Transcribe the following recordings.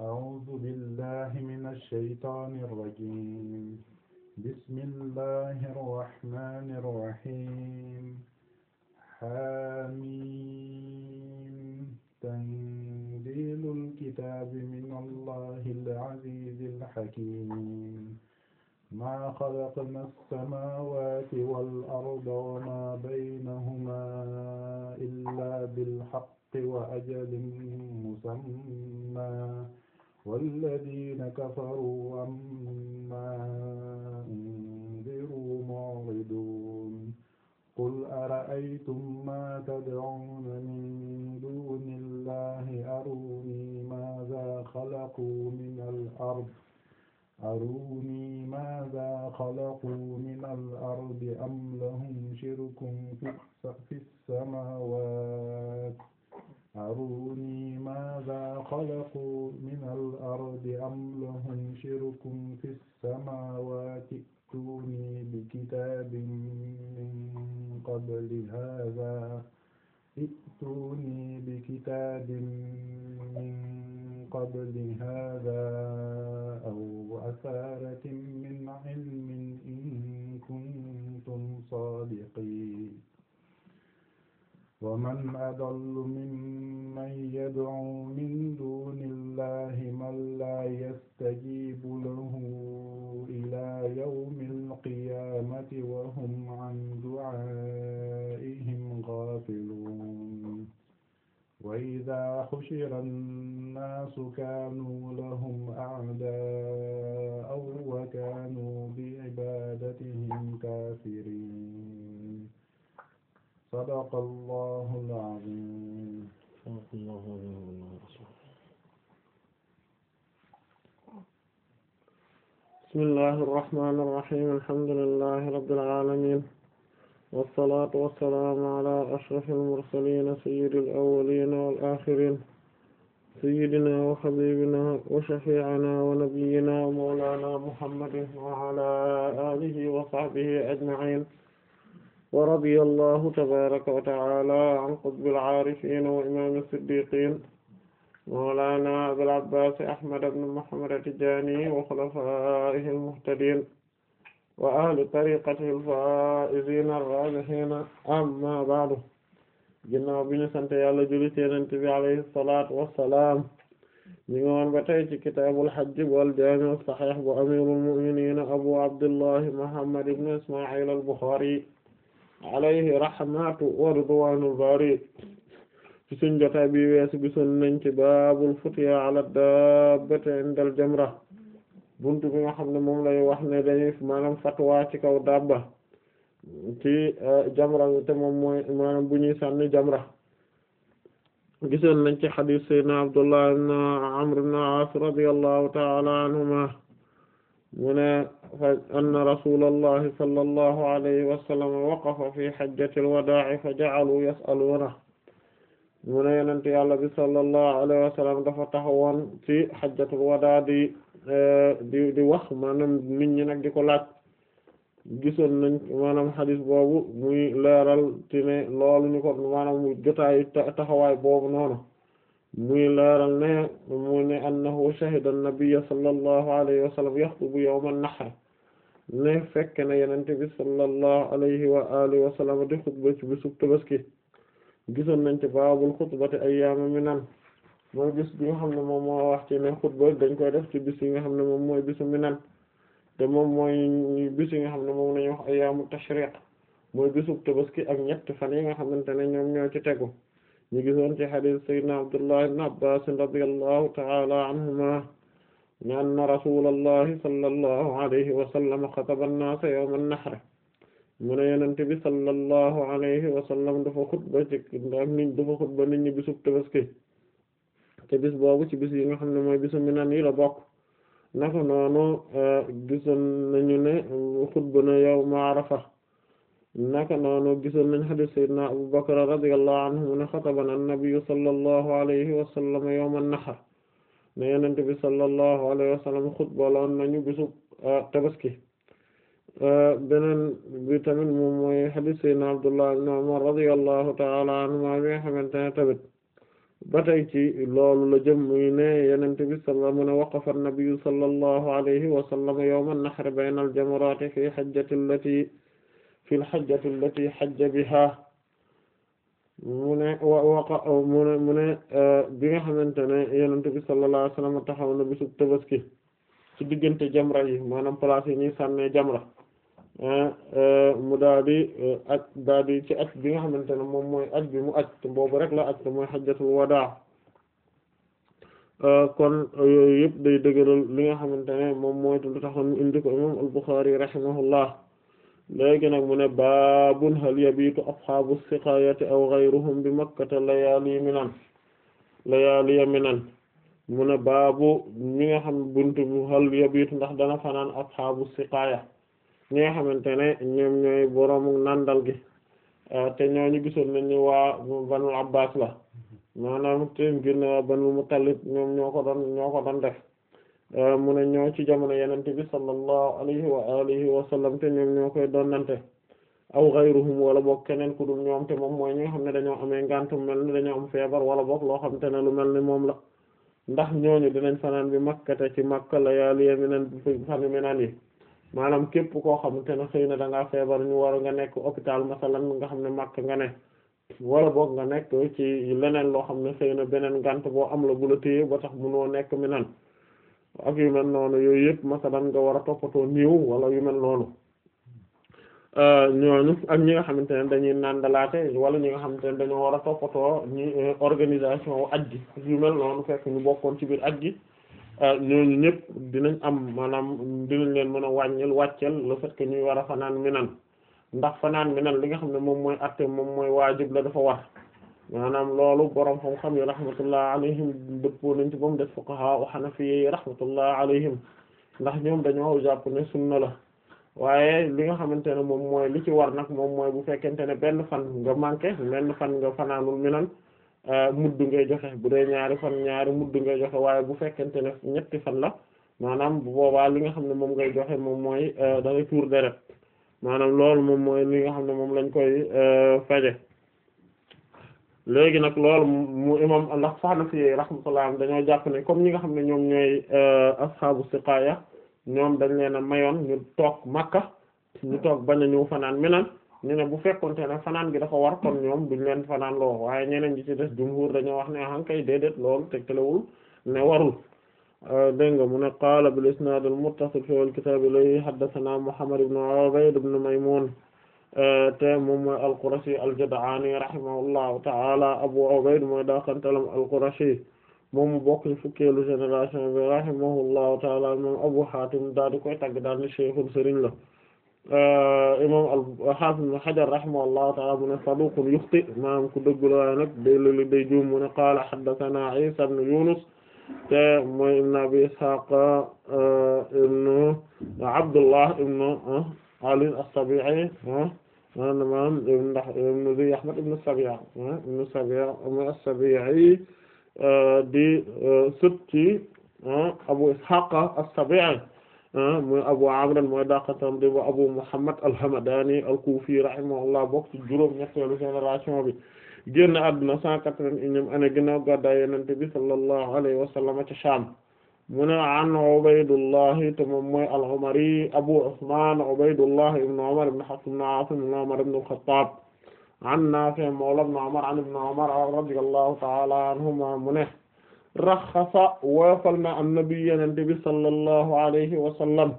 أعوذ بالله من الشيطان الرجيم بسم الله الرحمن الرحيم حاميم تنزيل الكتاب من الله العزيز الحكيم ما خلقنا السماوات والأرض وما بينهما إلا بالحق وأجل مسمى والذين كفروا عما أنذروا معرضون قل أرأيتم ما تدعون من دون الله أروني ماذا خلقوا من الأرض أروني ماذا خلقوا من الأرض أم لهم شرك في السماوات أروني ماذا خلقوا من الأرض أم لهم شرك في السماوات ائتوني بكتاب من قبل هذا ائتوني بكتاب من قبل هذا أو أثارة من علم إن كنتم صادقين ومن أضل ممن يدعو من دون الله من لا يستجيب له إلى يوم القيامة وهم عن دعائهم غافلون وإذا حشر الناس كانوا لهم أعداء وكانوا بعبادتهم كافرين sadaqallahul aziim bismillahir rahmaanir rahiim alhamdulillahi rabbil aalamiin wassalaatu wassalaamu alaa ashrafil mursaliin sayyidil awwaliin wal aaxiriin sayyidinaa wa habiibinaa wa shafii'inaa wa nabiyyinaa wa mawlaanaa muhammadin wa alaa aalihi wa sahbihi ajma'iin ورضي الله تبارك وتعالى عن قطب العارفين وإمام الصديقين مولانا أبي العباس أحمد بن محمد التجاني وخلفائه المهتدين وأهل طريقته الفائزين الرابحين أما بعد ginnaaw bi ñu sant yàlla julli ci Yonent bi alayhi salaatu wassalaam ñu ngi woon ba tey ci kitaabul hajj wal jaami' as-sahiih bu amiirul mu'miniin abu abdullahi muhammad ibn isma'il al-Bukhari alayhi rahmatu wa ridwanul bari ci suñ jotaay bi weesu gisoon nañ ci baabul futya ala dabbati indal jamra buntu bi nga xam ne moom lay wax ne dañuy maanaam fatwa ci kaw dabba ci eh, jamra te moom mooy maanaam bu ñuy sànni jamra gisoon nañ ci hadith sayyidina Abdullah ibn Amr ibn ta'ala anhuma mu ne fa anna rasulallahi sallallahu alayhi wa sallam waqafa fi hajjatil wadaa fa ja'alu yas'aluna mu ne yonent yàlla bi sallallahu alayhi wa dafa taxawoon ci hajjatul wadaa di eh, di di wax maanaam nit ñi nag di ko laaj gisoon nañ maanaam xadis boobu muy leeral ci ne loolu ñu ko maanaam mu jotaayu taxawaay boobu noonu muy leeral ne mu ne annahu shahida an-nabiyya sallallahu alayhi wa sallam yaxtubu yawma an-nahr ne fekk na yonent bi sallallahu alayhi wa alihi wa sallam di xutba ci bisub Tabaski gisoon nañ ci baabul xutbati ayyaama minan mooy bis bi nga xam ne moom moo wax ci ne xutba dañ koy def ci bis yi nga xam ne moom mooy bisu minan te moom mooy bis yi nga xam ne moom lañu wax ayyaamu tashriq mooy bisub Tabaski ak ñett fan yi nga xamante ne ñoom ñoo ci tegu ñu gisoon ci hadith sayyidina Abdullah ibn Abbas radiyallahu ta'ala anhuma anna rasulallahi sallallahu alayhi wa sallam xataba an-nas yawm an-nahr mu ne yonent bi sallallahu alayhi wa sallam dafa xutba ci ndax nit dafa xutba nit ñi bisub tabaski te bis boobu ci bis yi nga xam ne mooy bisu minan yi la bokk naka noonu eh, gisoon nañu ne xutba na yawma arafa naka noonu gisoon nañ hadith sayyidina Abu Bakr radiyallahu anhu mu ne xatabana an-nabiyyu sallallahu alayhi wa sallam yawman nahr ne yonent bi sallallahu alayhi wa sallam xutbaloon nañu bisu ah, tabaski ah, beneen bi tamit moom mooy hadith sayyidina Abdullah ibn Umar radiyallahu ta'ala anhuma mi nga xamante ne tamit ba tey ci loolu la jëm muy ne yonent bi sallallahu mu ne waqafa an-nabiyyu sallallahu alayhi wa sallam yawman nahr bayna al-jamrati fi hajjati allati fi lxajjati allati xajja biha mu ne wa waqa mu ne mu ne euh, bi nga xamante ne yonent bi sallallahu alayhi wasallam taxaw na bisu tabaski ci diggante jamra yi maanaam place yi ñuy sànnee jamra euh, euh, mu daal di aj ci aj bi nga xamante ne moom mooy aj bi mu aj te boobu rek la aj te mooy xajjatul wadaa kon yooyu yëpp day dëgëral li nga xamante ne moom mooy lu taxoon indi ko imam al-Bukhari léegi nag mu ne baabun hal yabitu ashabu siqayati aw ghayruhum bi makkata layali minan layali minan mu ne baabu ñi nga xam buntu bu hal yabitu ndax dana fanaan ashabu siqaya ñi nga xamante ne ñoom ñooy boroomu nandal gi ah, te ñooñu gisoon nañ ni waa banul abbas la maanaam te ngir ne waa banul mutallib ñoom ñoo ko doon ñoo ko doon Euh, mun ne ñoo ci jamono yenente bi sallallahu alayhi wa alihi wa sallam te ñoom ñoo koy donnante aw ghayruhum wala boog keneen ku dul ñoom te moom mooy ñi nga xam ne dañoo amee ngàntu mel ni dañoo am feebar wala boog loo xam te ne lu mel ni moom la ndax ñooñu dinañ fanaan bi makkate ci makka la yaaliya minan bi fani minan yi maanaam képp koo xamante ne xëy na da ngaa feebar ñu war nga nekk hôpital masalan nga xam ne makka nga ne wala boog nga nekk ci leneen loo xam ne xëy na beneen ngànt boo am la bu la téye ba tax munoo nekk minan ak yu mel noonu yooyu yëpp masalan nga war a toppatoo néew wala yu mel noonu euh, ñooñu ak ñi nga xamante ne dañuy nàndalaate wala ñi nga xamante ne dañoo war a toppatoo ñu euh, organisation wu aj gi yu mel noonu fekk ñu bokkoon ci biir aj gi euh, ñooñu ñëpp dinañ am maanaam dinañ leen mën a wàññil wàcceel le fait que ñuy war a fanaan minan ndax fanaan minan li nga xam ne moom mooy atte moom mooy waajib la dafa war maanaam loolu borom xam-xam yi rahmatullah alayhim dëppoo nañ ci ba mu def fuqaha wa hanafi rahmatullah alayhim ndax ñoom dañoo jàpp ne sunna la waaye li nga xamante ne moom mooy li ci war nag moom mooy bu fekkente ne benn fan nga manqué benn fan nga fanaanul minan euh, mudd ngay joxe bu dee ñaari fan ñaari mudd ngay joxe waaye bu fekkente ne ñetti fan la maanaam bu boobaa li nga xam ne moom ngay joxe moom mooy euh, da ngay de deret maanaam loolu moom mooy li nga xam ne moom lañ koy euh, faje léegi nag loolu mu imam allah Hanafi rahmatullah dañoo jàpp ne comme ñi nga xam ne ñoom ñooy euh, ashabu siqaaya ñoom dañ leen a mayoon ñu toog Makka ñu toog bañ a ñëw fanaan Minan ñu ne bu fekkonte ne fanaan gi dafa war kon ñoom duñ leen fanaan loo waaye ñeneen ñi ci des jumhur dañoo wax ne han kay déedéet loolu tegtalewul ne warul euh, dégg nga mu ne qaala bil isnaad al muttasil fi al kitaab ilayhi haddathana Muhammad ibn Ubayd ibn Maymun Euh, te moom mooy al-Qurashi al-Jad'ani rahimahullahu ta'ala Abu Ubayd mooy daakantalam al-Qurashi moom mu bokk fukkeelu génération bi rahimahullahu ta'ala moom Abu Hatim daal di koy tagg daal ni cheikhul sëriñ la euh, imam al-Hafiz ibn Hajar rahimahullahu ta'ala mu ne saduqun yukhti maanaam ku dëggu la waaye nag day lëli day juum mu ne qaala haddathana Isa ibn Yunus te mooy ibn Abi Ishaq euh, ibn Abdullah ibn Ali as-Sabi'i maanaam ndax ibn Dhi Ahmad ibn Sabi'a di sët Abu Ishaq as-Sabi'i mooy Abu Amr mooy daqatam di ba Abu Muhammad al-Hamadani al-Kufi rahimahullah bokk ci juróom ñetteelu génération bi génn àdduna cent quatre-vingt-unième année ginnaaw gàddaay Yonent bi sallallahu alayhi wa sallam ca mu ne an Ubaydullahi te moom mooy al-Umari Abu Usman Ubaydullahi ibn Umar ibn Hafs ibn Asim ibn Umar ibn al-Khattab an Nafi' mawla ibn Umar an ibn Umar radiyallahu ta'ala anhuma mu ne raxasa woyofal na an-nabi yenente bi sallallahu alayhi wa sallam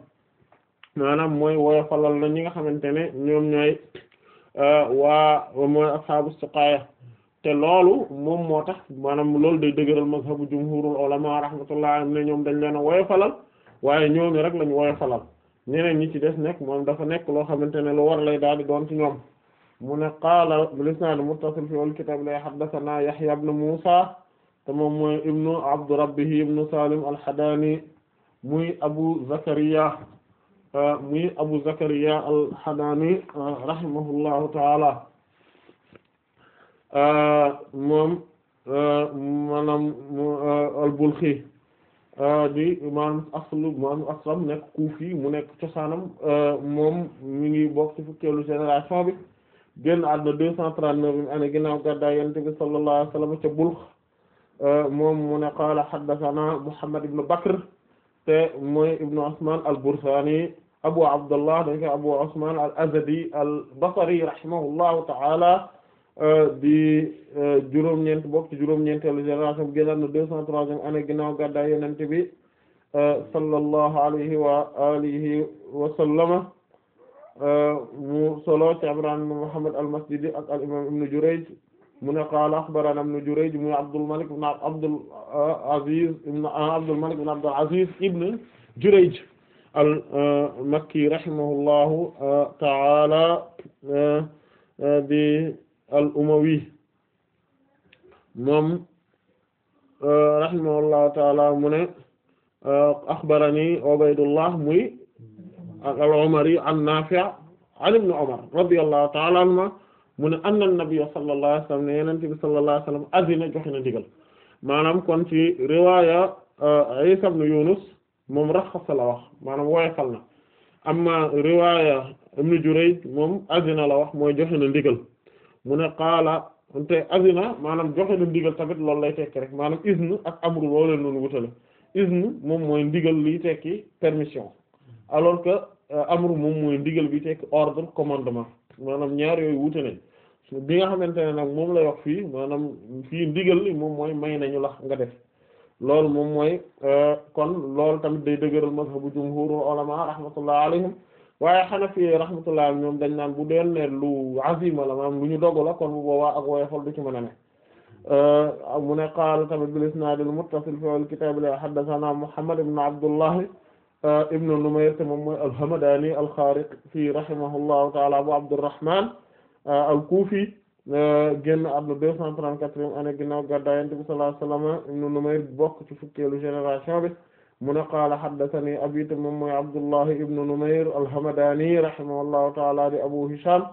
maanaam mooy woyofalal na ñi nga xamante ne ñoom ñooy uh, waa mooy ashaabu siqaaya te loolu moom moo tax maanaam loolu day dëgëral mazhabu jumhurul ulama rahmatullah ne ñoom dañ leen a woyofalal waaye ñoom rek lañ woyofalal ñeneen ñi ci des nekk moom dafa nekk loo xamante ne lu war lay daal di doon ci ñoom mu ne qaala bilisnaad muttasil fi al kitab lay haddathana yahya ibn musa te moom mooy ibnu abdu rabbihi ibnu salim al-hadani muy abu zakariya muy abu zakariya al-hadani rahimahullahu taala Euh, moom euh, maanaam euh, al-Balkhi di maanaam aslu maanaam aslam nekk Kufi mu nekk cosaanam moom mi ngi bokk ci fukkeelu génération bi génn àdduna deux cent trente-neuf bi mu année ginnaaw gàddaay Yonent bi sallallahu alayhi wa sallam ca Balkh moom mu ne qaala haddathana Muhammad ibn Bakr te mooy ibn Usman al-Bursani Abu Abdullah dañ koy Abu Usman al-Azdi al-Basri rahimahullahu ta'ala Euh, di euh, juróom-ñeent bokk ci juróom-ñeenteelu génération bi génnaat na deux cent troisième année ginnaaw gàddaay yonent bi euh, sallallahu alayhi wa alihi wa sallama mu solo ci Imraan ibn Muhammad al-Masdidi ak al-imam Ibn Jurayj mu ne qaala akhbaranaa Ibn Jurayj mu Abdul Malik ibn Abdul Aziz ibn Abdul Malik ibn Abdul Aziz ibn Jurayj al-Makki rahimahullahu ta'ala di al umawi moom euh, rahimahullahu taala mu ne euh, axbarani Ubaydullah muy al umari an Naafi' an ibn Umar radiyallahu taala anhuma mu ne anna nabiyya sallallahu alayhi wa sallam ne yonent bi sallallahu alayhi azina joxe na digal maanaam kon ci riwaaya euh, Isa ibn Yunus moom raxasa la wax maanaam woyofal na amma riwaaya Ibn Jurayj moom azina la wax mooy ndigal. mu ne qaala te azina maanaam joxe na ndigal tamit loolu lay tekki rek maanaam izn ak amru loolu leen noonu wutale izn moom mooy ndigal liy tekki permission alors que euh, amru moom mooy ndigal bi tekki ordre commandement maanaam ñaar yooyu wute bi nga xamante ne nag moom lay wax fii maanaam fii ndigal moom mooy may nañu lax nga def loolu moom mooy euh, kon loolu tamit day dëgërël ma dëgëral mazhabu jumhurul ulama rahmatullah alayhim waaye Hanafi rahmatullah ñoom dañ naan bu doon ne lu azima la maanaam lu ñu dogu la kon bu boobaa ak woyofal du ci mën a ne euh, mu ne qaala tamit bil isnaad al muttasil fi al kitaab la haddathana Muhammad ibn Abdullah euh, ibn Numayr te moom mooy al-Hamdani al-Khariqi rahimahullahu ta'ala Abu Abdurrahman euh, al-Kufi génn àdduna deux cent trente-quatrième année ginnaaw gàddaay Yonent bi sallallahu alayhi wa sallam ibn Numayr bokk ci fukkeelu génération bi mu ne qaala haddathani abi te mooy abdullahi ibnu numair alhamadani rahimahullahu taala abu hisham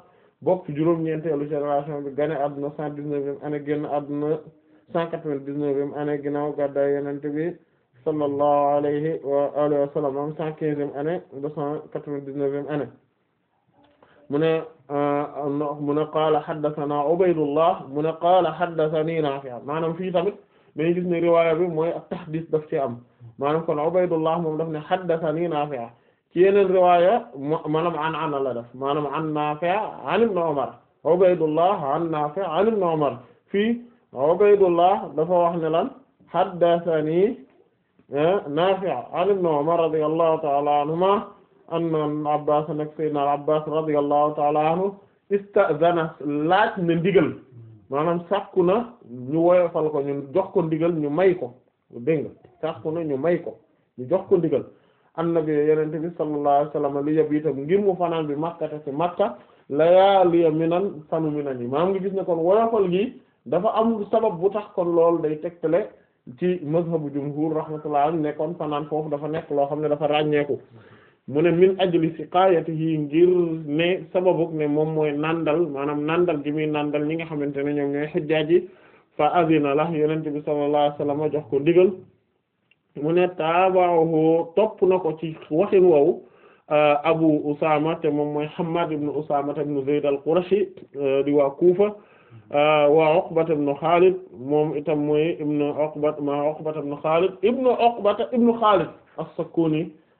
bokk juróom-ñeenteelu génération bi gane adduna cent dix-neuvième année génn adduna cent dix neuvième année ginnaaw gàddaay yonent bi sallallahu alayhi wa alihi wa sallam cent quinzième année deux cent quatre-vingt-dix-neuvième année mu ne euh, mu ne qaala haddathana ubaydullah mu ne qaala haddathani nafi' tamit dañu gis ne riwaaya bi mooy ak tahdis daf am maanaam kon Ubaydullah moom daf ne haddathani Nafi' ci yeneen riwaaya maanaam an ana la def maanaam an Nafi' an ibn Umar Ubaydullah an Nafi' an ibn Umar fii Ubaydullah dafa wax ne lan haddathani eh, Nafi' an ibn Umar radiyallahu ta'ala anhuma anna Abbas nag sayyidina Abbas radiyallahu ta'ala anhu ista'zana laaj na ndigal maanaam sàkku na ñu woyofal ko ñu jox ko ndigal ñu may ko dégg nga sàkku na ñu may ko ñu jox ko ndigal annabi yenente bi sallallahu alayhi wasallam li yab itam ngir mu fanaan bi Makka te si Makka layaa liya minan sanu minan yi maam ngi gis ne kon woyofal gi dafa am sabab bu tax kon loolu day tegtale ci mazhabu jumhur rahmatullah am ne kon fanaan foofu dafa nekk loo xam ne dafa ràññeeku mu ne min ajli siqaayatihi ngir ne sababuk ne moom mooy nandal maanaam nandal gi muy nandal ñi nga xamante ne ñoom ñooy xijjaaj yi fa azina la yonent bi sallallahu alayhi jox ko digal mu ne taabaahu topp na ko ci waxin woowu uh, abu usama te moom mooy hammad ibn usama ibn zayd al-qurashi uh, di waa kuufa uh, waa uqbat ibn khalid moom itam mooy ibn uqbat ma khalid ibn uqbat ibn khalid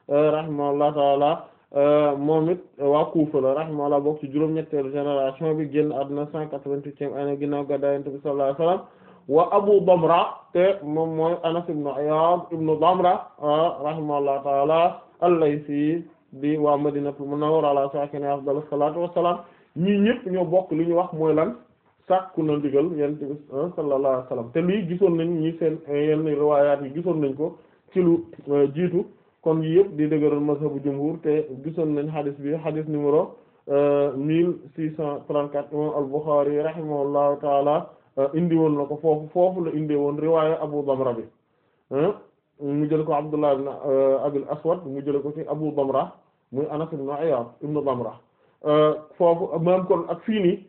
ta'ala Euh, moom it waa Kufa la rahimahullah bokk ci juróom-ñetteelu génération bi génn àdduna 188e année ginnaaw gàddaay Yonent bi sallallahu alayhi wasallam wa Abu Damra te moom mooy Anas ibn Iyad ibn Damra ah, rahimahullah ta'ala al-Laysi di waa Madinatul Munawwara ala saakinihaa afdalu salaatu wassalaam ñii ñëpp ñoo bokk li ñu wax mooy lan sàkku na ndigal Yonent bi ah, sallallahu alayhi te lii gisoon nañ ñi seen yenn riwaayaat yi gisoon nañ ko ci lu eh, jiitu kon yii yëpp di dëgëral mazhabu jumhur te gisoon nañ xadis bi xadis numéro euh, mille six cent trente-quatre imam al-Bukhari rahimahullahu taala euh, indi woon la ko foofu foofu la indi woon riwaaya Abu Damra bi mu jël ko Abdullah ibn euh, Abil Aswad mu jël ko ci Abu Damra muy Anas ibn Ayyad ibn Damra foofu même kon ak fii nii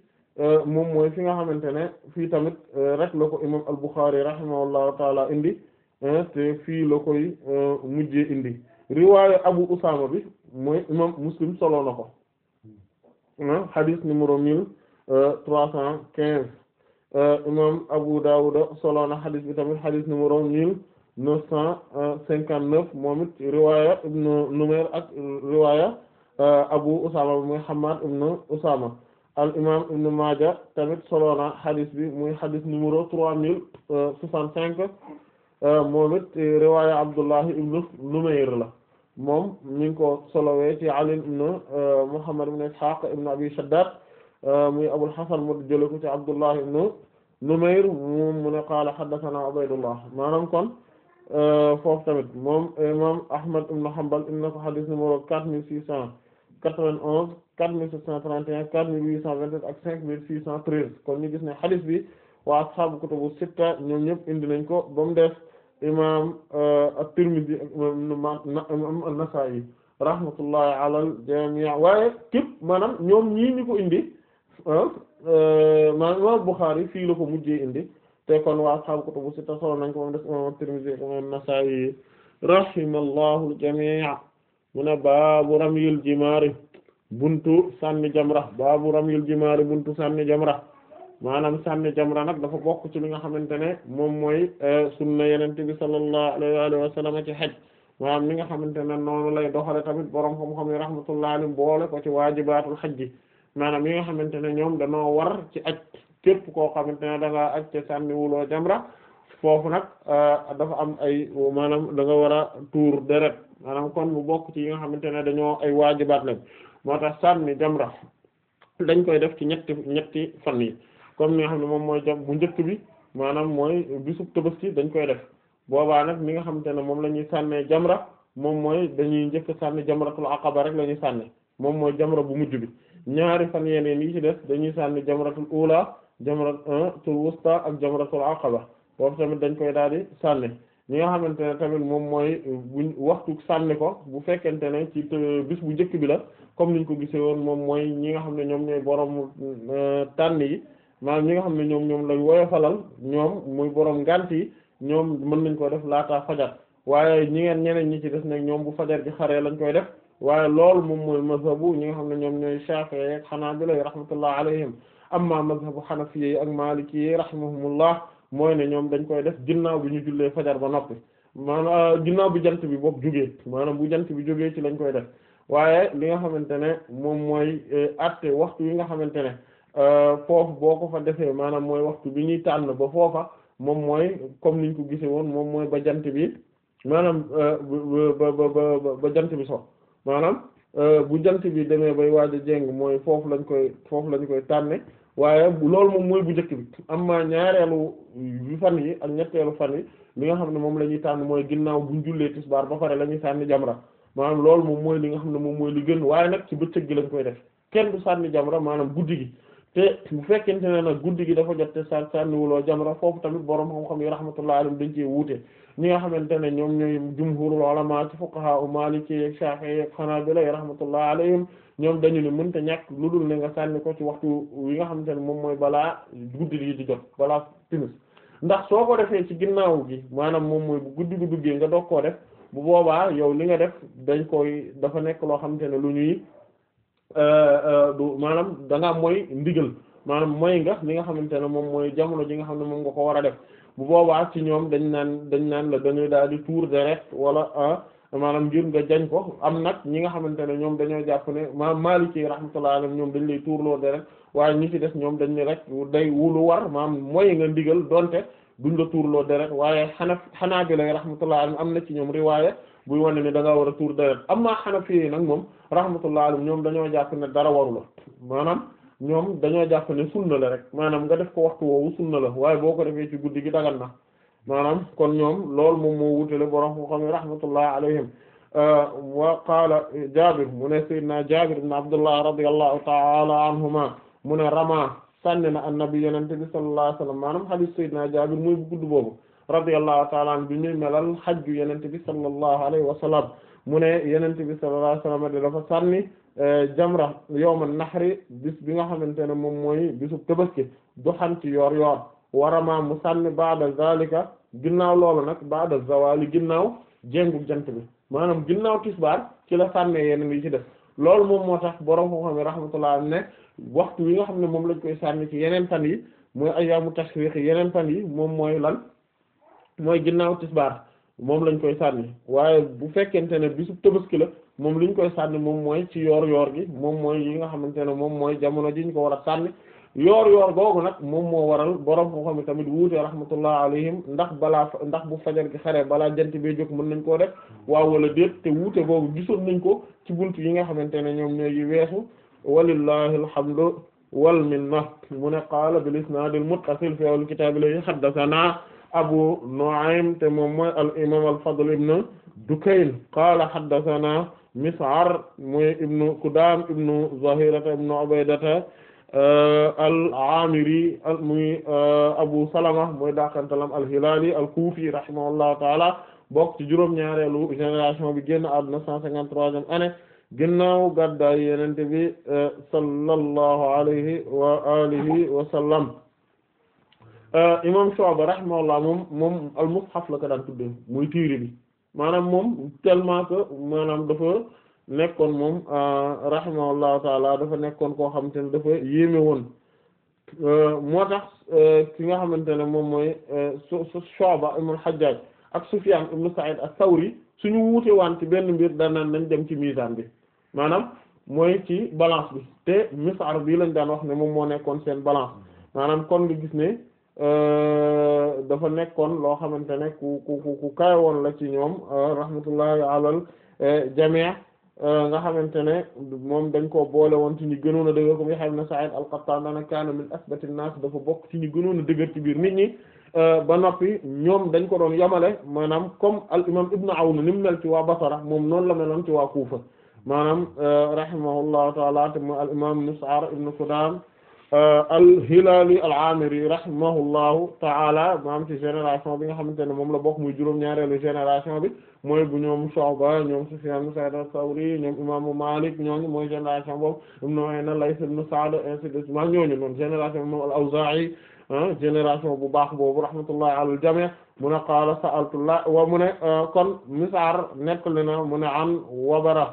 moom mooy fi nga xamante ne fii tamit rek la ko imam al-Bukhari rahimahullahu taala indi te fii la koy euh, mujjee indi riwaaya Abu Usama bi moy imam Muslim solo na ko hadith numéro mille euh, trois cent quinze euh, imam Abu Dawud solo na hadith bi tamit hadith numéro mille neuf cent cinquante neuf moom it riwaaya ibn ak riwaaya Abu Usama bi mooy Hammad ibn Usama al imam ibn Maaja tamit solo na hadith bi muy hadith numéro trois mille soixante cinq Euh, moom it euh, riwaaya Abdullah ibn Numayr la moom mi ngi ko solowee ci Ali ibn euh, Muhammad ibn Ishaq ibn Abi Shaddad muy Abul Hasan mu jële ko ci Abdullah ibn Numayr moom mu ne qaala haddathana Ubaydullah maanaam kon foofu tamit moom imam Ahmad ibn Hanbal in na ko hadith numéro quatre mille six cent quatre-vingt-onze quatre mille sept cent trente et un quatre mille huit cent vingt-sept ak cinq mille six cent treize kon ñu gis ne hadith bi waa ashaabu kutubu sitta ñoom ñëpp indi nañ ko ba mu def imaam euh, at-Tirmidhi ak imaam an-Nasa'i rahmatullahi ala al-jami' waaye képp maanaam ñoom ñii ko indi ah, euh, maanaam imaam Bukhari fii la ko mujjee indi te kon waa ashaabu kutubu sitta solo nañ ko moom des imaam at-Tirmidhi ak imaam an-Nasa'i rahimallahu al-jami' mu ne baabu ramyil jimaari buntu sànni jamra baabu ramyil jimaari buntu sànni jamra maanaam sànni jamra nag dafa bokk ci li nga xamante ne moom mooy euh, sunna yeneen bi sallallahu alayhi wa sallam ci xaj maanaam mi nga xamante ne noonu lay doxale tamit borom xam-xam yi rahmatullahi alayhi boole ko ci waajibaatul xaj ji maanaam yi nga xamante ne ñoom danoo war ci aj képp koo xamante ne da ngaa aj foofu nag euh, dafa am ay maanaam danga nga war a tuur deret maanaam kon mu bokk ci yi nga xamante ne dañoo ay waajibaat lañ moo tax sànni jamra dañ koy def ci ñetti ñetti fan yi comme ni nga xam ne moom mooy jam bu njëkk bi maanaam mooy bisub ki dañ koy def boobaa nag li nga xamante ne moom la ñuy sànnee jamra moom mooy dañuy njëkk sànni jamratul aqaba rek la ñuy sànni moom mooy jamra bu mujj bi ñaari fan yeneen yi ci des dañuy sànni jamratul ula jamratul wusta ak jamratul aqaba boobu tamit dañ koy daal di sànni ñi nga xamante ne tamit moom mooy buñ waxtu sànni ko bu fekkente ne ci bis bu njëkk bi la comme niñ ko gisee woon moom mooy ñi nga xam ne ñoom ñooy borom euh, tànn yi maanaam ñi nga xam ne ñoom ñoom lañ woyofalal ñoom muy boroom ngant yi ñoom mën nañ ko def laataa fajar waaye ñi ngeen ñeneen ñi ci des nag ñoom bu fajar gi xaree lañ koy def waaye loolu moom mooy mazhabu ñi nga xam ne ñoom ñooy Shafi'i ak Hanabila rahmatullah alayhim amma mazhabu Hanafiyyi ak Maliki rahimahumullah mooy ne ñoom dañ koy def ginnaaw bi ñu jullee fajar ba noppi maanaam euh, ginnaaw bi jant bi bopp jógee maanaam bu jant bi jógee ci lañ koy def waaye li nga xamante ne moom mooy euh, àtte waxtu yi nga xamante ne Euh, foofu boo ko fa defee maanaam mooy waxtu bi ñuy tànn ba foofa moom mooy comme niñ ko gisee woon moom mooy ba jant bi maanaam euh, ba ba ba bi so maanaam euh, bu jant bi demee bay waaj a jéng mooy foofu lañ koy foofu lañ koy tànne waaye loolu moom mooy bu njëkk bi am amma ñaareelu fan yi ak ñetteelu fan yi li nga xam ne moom la ñuy tànn mooy ginnaaw buñ jullee tisbaar ba pare la ñuy sànni jamra maanaam loolu moom mooy li nga xam ne moom mooy lu gën waaye nag ci bëccëg gi lañ koy def kenn du sànni jamra maanaam guddi gi te bu fekkente ne nag guddi gi dafa jot te sàn sànniwuloo jamra foofu tamit borom xam-xam yi rahmatullah alayhim dañ cee wuute ñi nga xamante ne ñoom ñooy jumhurul ulama ci fuqaha u maliki ak shafi'i ak hanabila rahmatullah alayhim ñoom dañu ne mënta ñàkk lu dul ne nga sànni ko ci waxtu yi nga xamante ne moom mooy balaa guddi gi di jot balaa timis ndax soo ko defee ci ginnaaw gi maanaam moom mooy bu guddi gu duggee nga doog koo def bu boobaa yow li nga def dañ koy dafa nekk loo xamante ne lu ñuy Euh, euh, du maanaam da ngaa mooy ndigal maanaam mooy nga li nga xamante ne moom mooy jamono ji nga xam ne moom nga ko war a def bu boobaa ci ñoom dañ naan dañ naan la dañuy daal di tuur deret wala ah, maanaam ngir nga jañ ko am nag ñi nga xamante ne ñoom dañoo jàpp ne ma Maliki rahmatullahi alayhi ñoom dañ lay tuurloo deret waaye ñi ci def ñoom dañ ne rek day wulu war maam mooy nga ndigal donte duñ la tuurloo deret waaye xanaf xanaa bi lay rahmatullahi alayhi am na ci ñoom riwaaya buy wane ne da ngaa war a tuur deret amma Hanafi nag moom rahmatullah alayhim ñoom dañoo jàpp ne dara waru maanaam ñoom dañoo jàpp ne sunna la rek maanaam nga def ko waxtu woowu sunna la waaye boo ko defee ci guddi gi dagan na maanaam kon ñoom lool moom moo wutale borom ko xam ne rahmatullah alayhim uh, wa qaala Jaabir mu ne sayyidina Jaabir ibn Abdullah radiyallahu ta'ala anhuma mu ne rama sànni na annabi yenente bi sallallahu alayhi wasallam maanaam hadith sayyidina Jaabir muy gudd boobu radiyallahu ta'ala anhu bi ñuy melal xajju yenente bi sallallahu alayhi wa sallam mu ne yenente bi sallallahu alayhi wa sallam de dafa sànni eh, jamra yawma nahri bis bi nga xamante ne moom mooy ki tabaski doxan ci yoor yoor warama mu sànni ba'da zalika ginnaaw loolu nag ba'da zawali ginnaaw jengu jant bi maanaam ginnaaw tisbaar ki la sànnee yeneen yi ci def loolu moom moo tax borom koo xam ne rahmatullah ne waxtu wi nga xam ne moom lañ koy sànni ci yeneen fan yi mooy ayyaamu tashriq yeneen fan yi moom mooy lan mooy ginnaaw tisbaar moom lañ koy sànni waaye bu fekkente ne bisu tabaski la moom liñ koy sànni moom mooy ci yoor yoor gi moom mooy yi nga xamante ne moom mooy jamono ji ñu ko war a sànni yoor yoor nag moom moo waral borom ko xam tamit wuute rahmatullah alayhim ndax balaa ndax bu fajar gi xare balaa jant bee jóg mën nañ koo def waaw wala déet te wuute googu gisoon nañ ko ci buntu yi nga xamante ne ñoom ñoo yi weesu walillahi alhamdu wal minna mu ne qaala bil isnaadil muttasil fi al kitaabi la haddasanaa Abu Nu'aym te moom mooy al imaam al Fadl ibn Dukayn qaala haddathana Mis'ar mooy ibnu Kudaam ibnu Zahirata ibnu Ubaydata euh, al-Aamiri muy euh, Abu Salama mooy daakantalam al-Hilaali al-Kuufi rahimahullahu ta'ala bokk ci juróom-ñaareelu génération bi génn àdduna 153e année ginnaaw gàddaay Yonent bi euh, sallallahu alayhi wa alihi wa sallam Euh, imam Shu'ba rahimahullah moom moom al-mushaf la ko daan tudde muy téere bi maanaam moom tellement que maanaam dafa nekkoon moom euh, rahimahullahu taala dafa nekkoon koo xamante ne dafa yéeme woon euh, moo tax ki nga xamante ne moom mooy Shu'ba ibn al-Hajjaj ak Sufyan ibn Sa'id as-Sawri suñu wuute waan ci benn mbir daan naan dem ci mizan bi maanaam mooy ci balance bi te misar bii lañ daan wax ne moom moo nekkoon seen balance maanaam kon nga gis ne Euh, dafa nekkoon loo xamante ne ku ku ku kaay woon la ci ñoom euh, rahmatullahi alal euh, jamii nga xamante ne moom dañ koo boole woon ci ñu gënoon a dëgër ko Yahya ibn Sa'id al-Qattan dana kaana min asbati an-nas dafa bokk ci ñu gënoon a dëgër ci biir nit ñi ba noppi ñoom dañ ko doon yamale maanaam comme al imam Ibn Awn ni mu mel ci wa Basra moom noonu la meloon ci waa Kufa maanaam rahimahullahu ta'ala te mu al imam Mus'ar ibn Qudam Euh, al-Hilaali al-Aamiri rahimahullahu ta'ala maam ci génération bi nga xamante ne moom la bokk muy juróom-ñaareelu génération bi mooy bu ñoom Shu'ba ñoom Sufyaan ibn Sa'iid ñoom imaamu Maalik ñooñu mooy génération boobu ibn Uyayna Layth ibn Sa'd ainsi de suite ñooñu noonu génération moom ah, bu baax boobu rahmatullahi ala al-jamii' mu ne qaala sa'altullah wa mu ne euh, kon Mis'ar nettali na mu ne an Wabara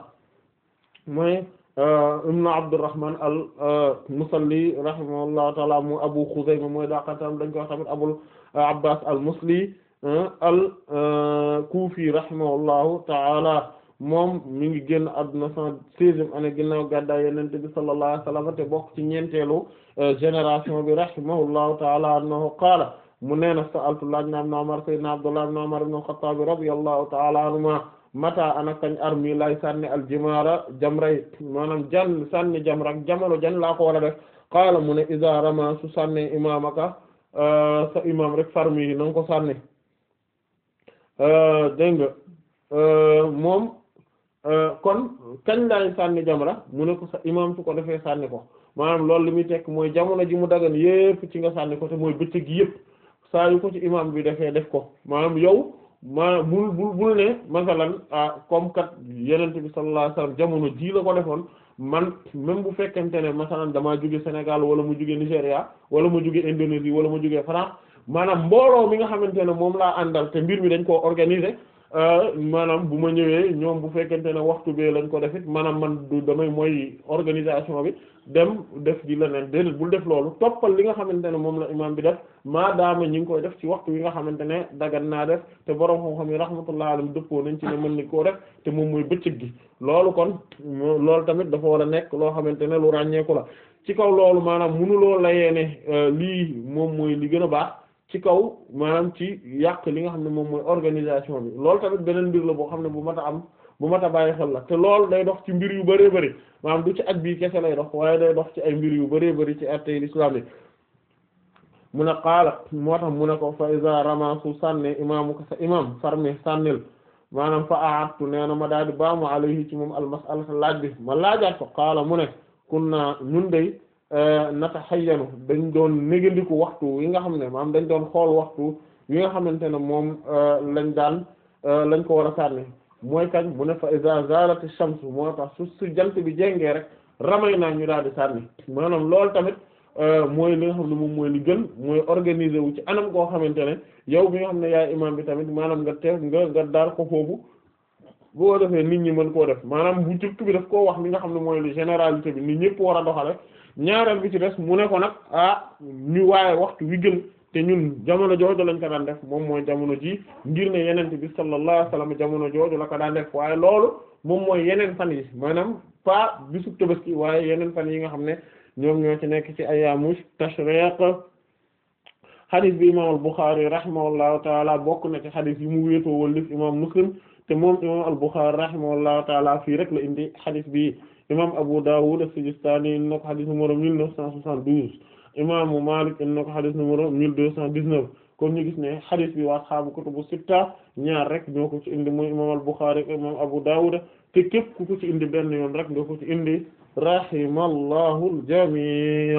mooy. Euh, ibn Abdurrahman al-Musalli euh, rahimahullahu ta'ala mu Abu Khuzayma mooy daqatam dañ ko wax tamit Abul euh, Abbas al-Musli al-Kufi rahimahullahu ta'ala moom mi ngi génn àdduna cent seizième année ginnaaw gàddaay Yonent bi sallallahu alayhi wa sallam te bokk ci ñeenteelu génération bi rahimahullahu ta'ala annahu qaala mu neena sa'altu laaj na ibn Umar sayyidina Abdullah ibn Umar ibn al-Khattab radiyallahu ta'ala anhuma mata ana kañ armi lay sànni aljimara jamray maanaam jan sànni jamra jamono jan laa ko war a def qaala mu ne su sànnee imamaka euh, sa imam rek farmi na nga ko sànni euh, dégg nga euh, moom kon kañ lay sànni jamra mu ne ko sa imam su ko defee sànni ko maanaam loolu li muy tekk mooy jamono ji mu dagan yépp ci nga sànni ko te mooy bëccëg gi yépp saa yu ko ci imam bi defee def ko maanaam yow ma bul bul bul ne masalan ah comme kat yonent bi sallallahu alayhi jamono jii la ko defoon man même bu fekkente ne masalan damaa jóge Sénégal wala mu jóge Nigéria wala mu jóge Indonésie wala mu jóge France maanaam mbooloo mi nga xamante ne moom laa àndal te mbir mi dañ koo organiser ah, maanaam bu ma ñëwee ñoom bu fekkente ne waxtu bee lañ ko defit maanaam man du damay mooy organisation bi dem def di leneen déedéet bul def loolu toppal li nga xamante ne moom la imaam bi def maadaama ñi ngi koy def ci waxtu wi nga xamante ne dagan naa def te borom xam-xam yi rahmatullah alam dëppoo nañ ci ne mën nañ koo def te moom mooy bëccëg gi loolu kon loolu tamit dafa war a nekk loo xamante ne lu ràññeeku la ci kaw loolu maanaam mënuloo layee ne euh, lii moom mooy li gën a baax ci kaw maanaam ci yàq li nga xam ne moom mooy organisation bi loolu tamit beneen mbir la boo xam ne bu mat a am bu mat a bàyyi xel la te loolu day dox ci mbir yu bëree bëri maanaam du ci ak bii kese lay dox waaye day dox ci ay mbir yu bëree bëri ci attey l'islam yi mu ne qaala moo tax mu ne ko fa iza rama su sànne imaamu ko sa imam farme sànnil maanaam fa aattu nee na ma daal di baamu alayhi ci moom almasalata laaj bi ma laajaat ko qaala mu ne kunna ñun day eh, nataxayyanu dañ doon négandiku waxtu yi nga xam ne maanaam dañ doon xool waxtu yi nga xamante ne moom eh, lañ daan eh, lañ ko war a sànni mooy kañ mu ne fa iza zalat ash-shams moo tax su su jant bi jengee rek ramay naa ñu daal di sànni maanaam lool tamit euh, mooy li nga xam ne moom mooy li gën mooy organiser wu ci anam koo xamante ne yow bi nga xam ne yaay imam bi tamit maanaam nga teew nga nga daal ko foofu boo defee nit ñi mën koo def maanaam bu jëkk bi def koo wax li nga xam ne mooy li généralité bi nit ñëpp war a doxale ñaareel bi ci des mu ne ko nag ah ñu waaye waxtu wi gën te ñun jamono jooju lañ ko daan def moom mooy jamono ji ngir ne yeneen bi sallallahu alayhi wasallam jamono jooju la ko daan def waaye loolu moom mooy yeneen fan yi maanaam pas bisu tabaski waaye yeneen fan yi nga xam ne ñoom ñoo ci nekk ci ayyamu tashriq xadis bi imam al-Bukhari rahimahullahu taala bokk na ci xadis yi mu wéetoo wallif imam Muslim te moom imam al-Bukhari rahimahullahu taala fii rek la indi xadis bi imam Abu Dawud a sijistani na ko xadis numéro 1972 imaamu Maalik in na ko xadis numéro ñu gis ne xadis bi waa xaabu kutubu sitta ñaar rek ñoo ko ci indi mooy imaam al-Buxaari ak imaam Abu Daawuda te képp ku ko ci indi benn yoon rek nga ko ci indi rahimallahu al-jamii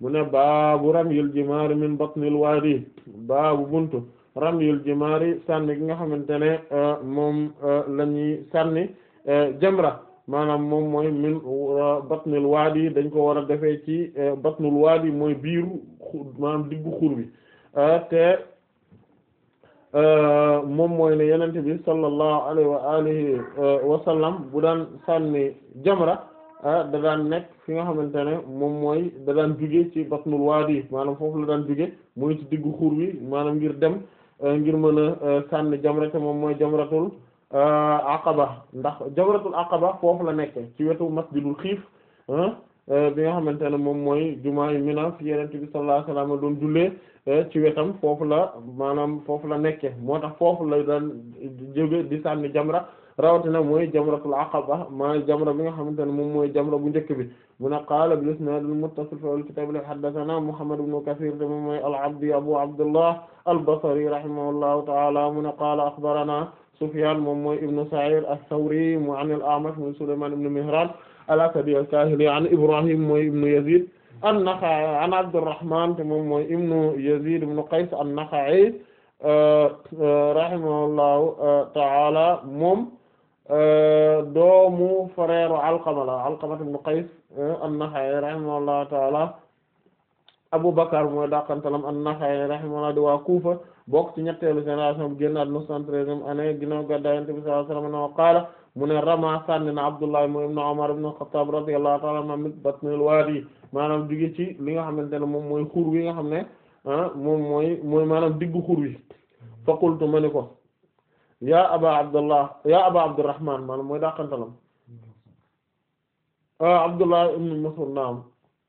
mu ne baabu ramyil jimaari min batnil waadi baabu buntu ramyil jimaari sànni gi nga xamante ne euh, moom euh, la ñuy sànni euh, jamra maanaam moom mooy min batnul waadi dañ ko war a defee ci eh, batnul waadi mooy biiru maanaam diggu xur bi ah, te ah, moom mooy ne yenente bi sallallahu alayhi wa alihi eh, wa bu daan sànni jamra ah, da daan nekk fi nga xamante ne moom mooy da daan jóge ci batnul waadi maanaam foofu la daan jóge mooy ci diggu xur bi maanaam ngir dem eh, ngir mën a sànni jamra te moom mooy jamratul Euh, aqaba ndax jawratul aqaba foofu la nekk ci wetu masjidul xiif euh, bi nga xamante ne moom mooy jumaa yu Mina fi Yonent bi sallallahu alayhi wasallam doon jullee euh, ci wetam foofu la maanaam foofu la nekke moo tax foofu la daan jóge di sànni jamra rawatina mooy jamratul aqaba maa jamra bi nga xamante ne moom mooy jamra bu njëkk bi mu ne qaala bil isnaadil muttasil fil kitaab haddasanaa Muhammad ibn Kasiir te moom mooy al-Abdi Abu Abdullah al-Basri rahimahullahu ta'ala mu ne qaala axbaranaa Sufyan moom mooy ibnu Sa'id ath-Thawri mu an al-A'mash mooy Sulayman ibnu Mihran al-Asadi al-Kahili an Ibrahim mooy ibnu Yazid an-Nakha'i an Abdurrahman te moom mooy ibnu Yazid ibnu Qays an-Nakha'i rahimahullahu ta'ala moom doomu frère Alqama la Alqama ibnu Qays an-Nakha'i rahimahullahu ta'ala Abu Bakr mooy daqantalam an-Nakha'i rahimahullah di waa bokk ci ñetteelu génération bu a neuf cent treizième année ginnaaw a Yonent bi sallallahu alayhi wa qaala mu ne rama sànni na Abdullah ibn Umar ibn al-Khattab radiyallahu ta'ala anhu min batnil waadi maanaam jóge ci li nga xamante ne moom mooy xur nga xam ne ah, moom mooy mooy maanaam diggu xur wi fa ma ni ko yaa aba Abdullah yaa aba Abdurrahman maanaam mooy daqantalam ah, Abdullah ibn Mas'ud naam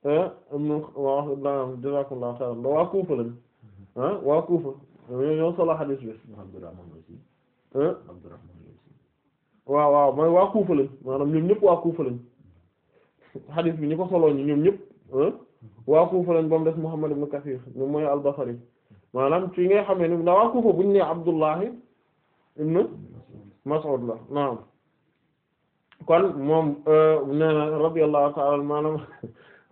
Ah, jazakumullahu xayran waa Kuufa lañ ah, waa Kuufa ñoo solo xadiis bi ah. waaw waaw mooy waa Kuufa lañ maanaam ñëpp waa Kuufa lañ xadiis bi ñi ko soloo ñi ñoom ñëpp waa Kuufa lañ ba mu Muhammad ibn Kathir ñoom mooy al-Basri maanaam ci ngay xamee ni ndax waa ne Abdullahi ibn Mas'ud la naam kon moom nee na radiyallahu ta'ala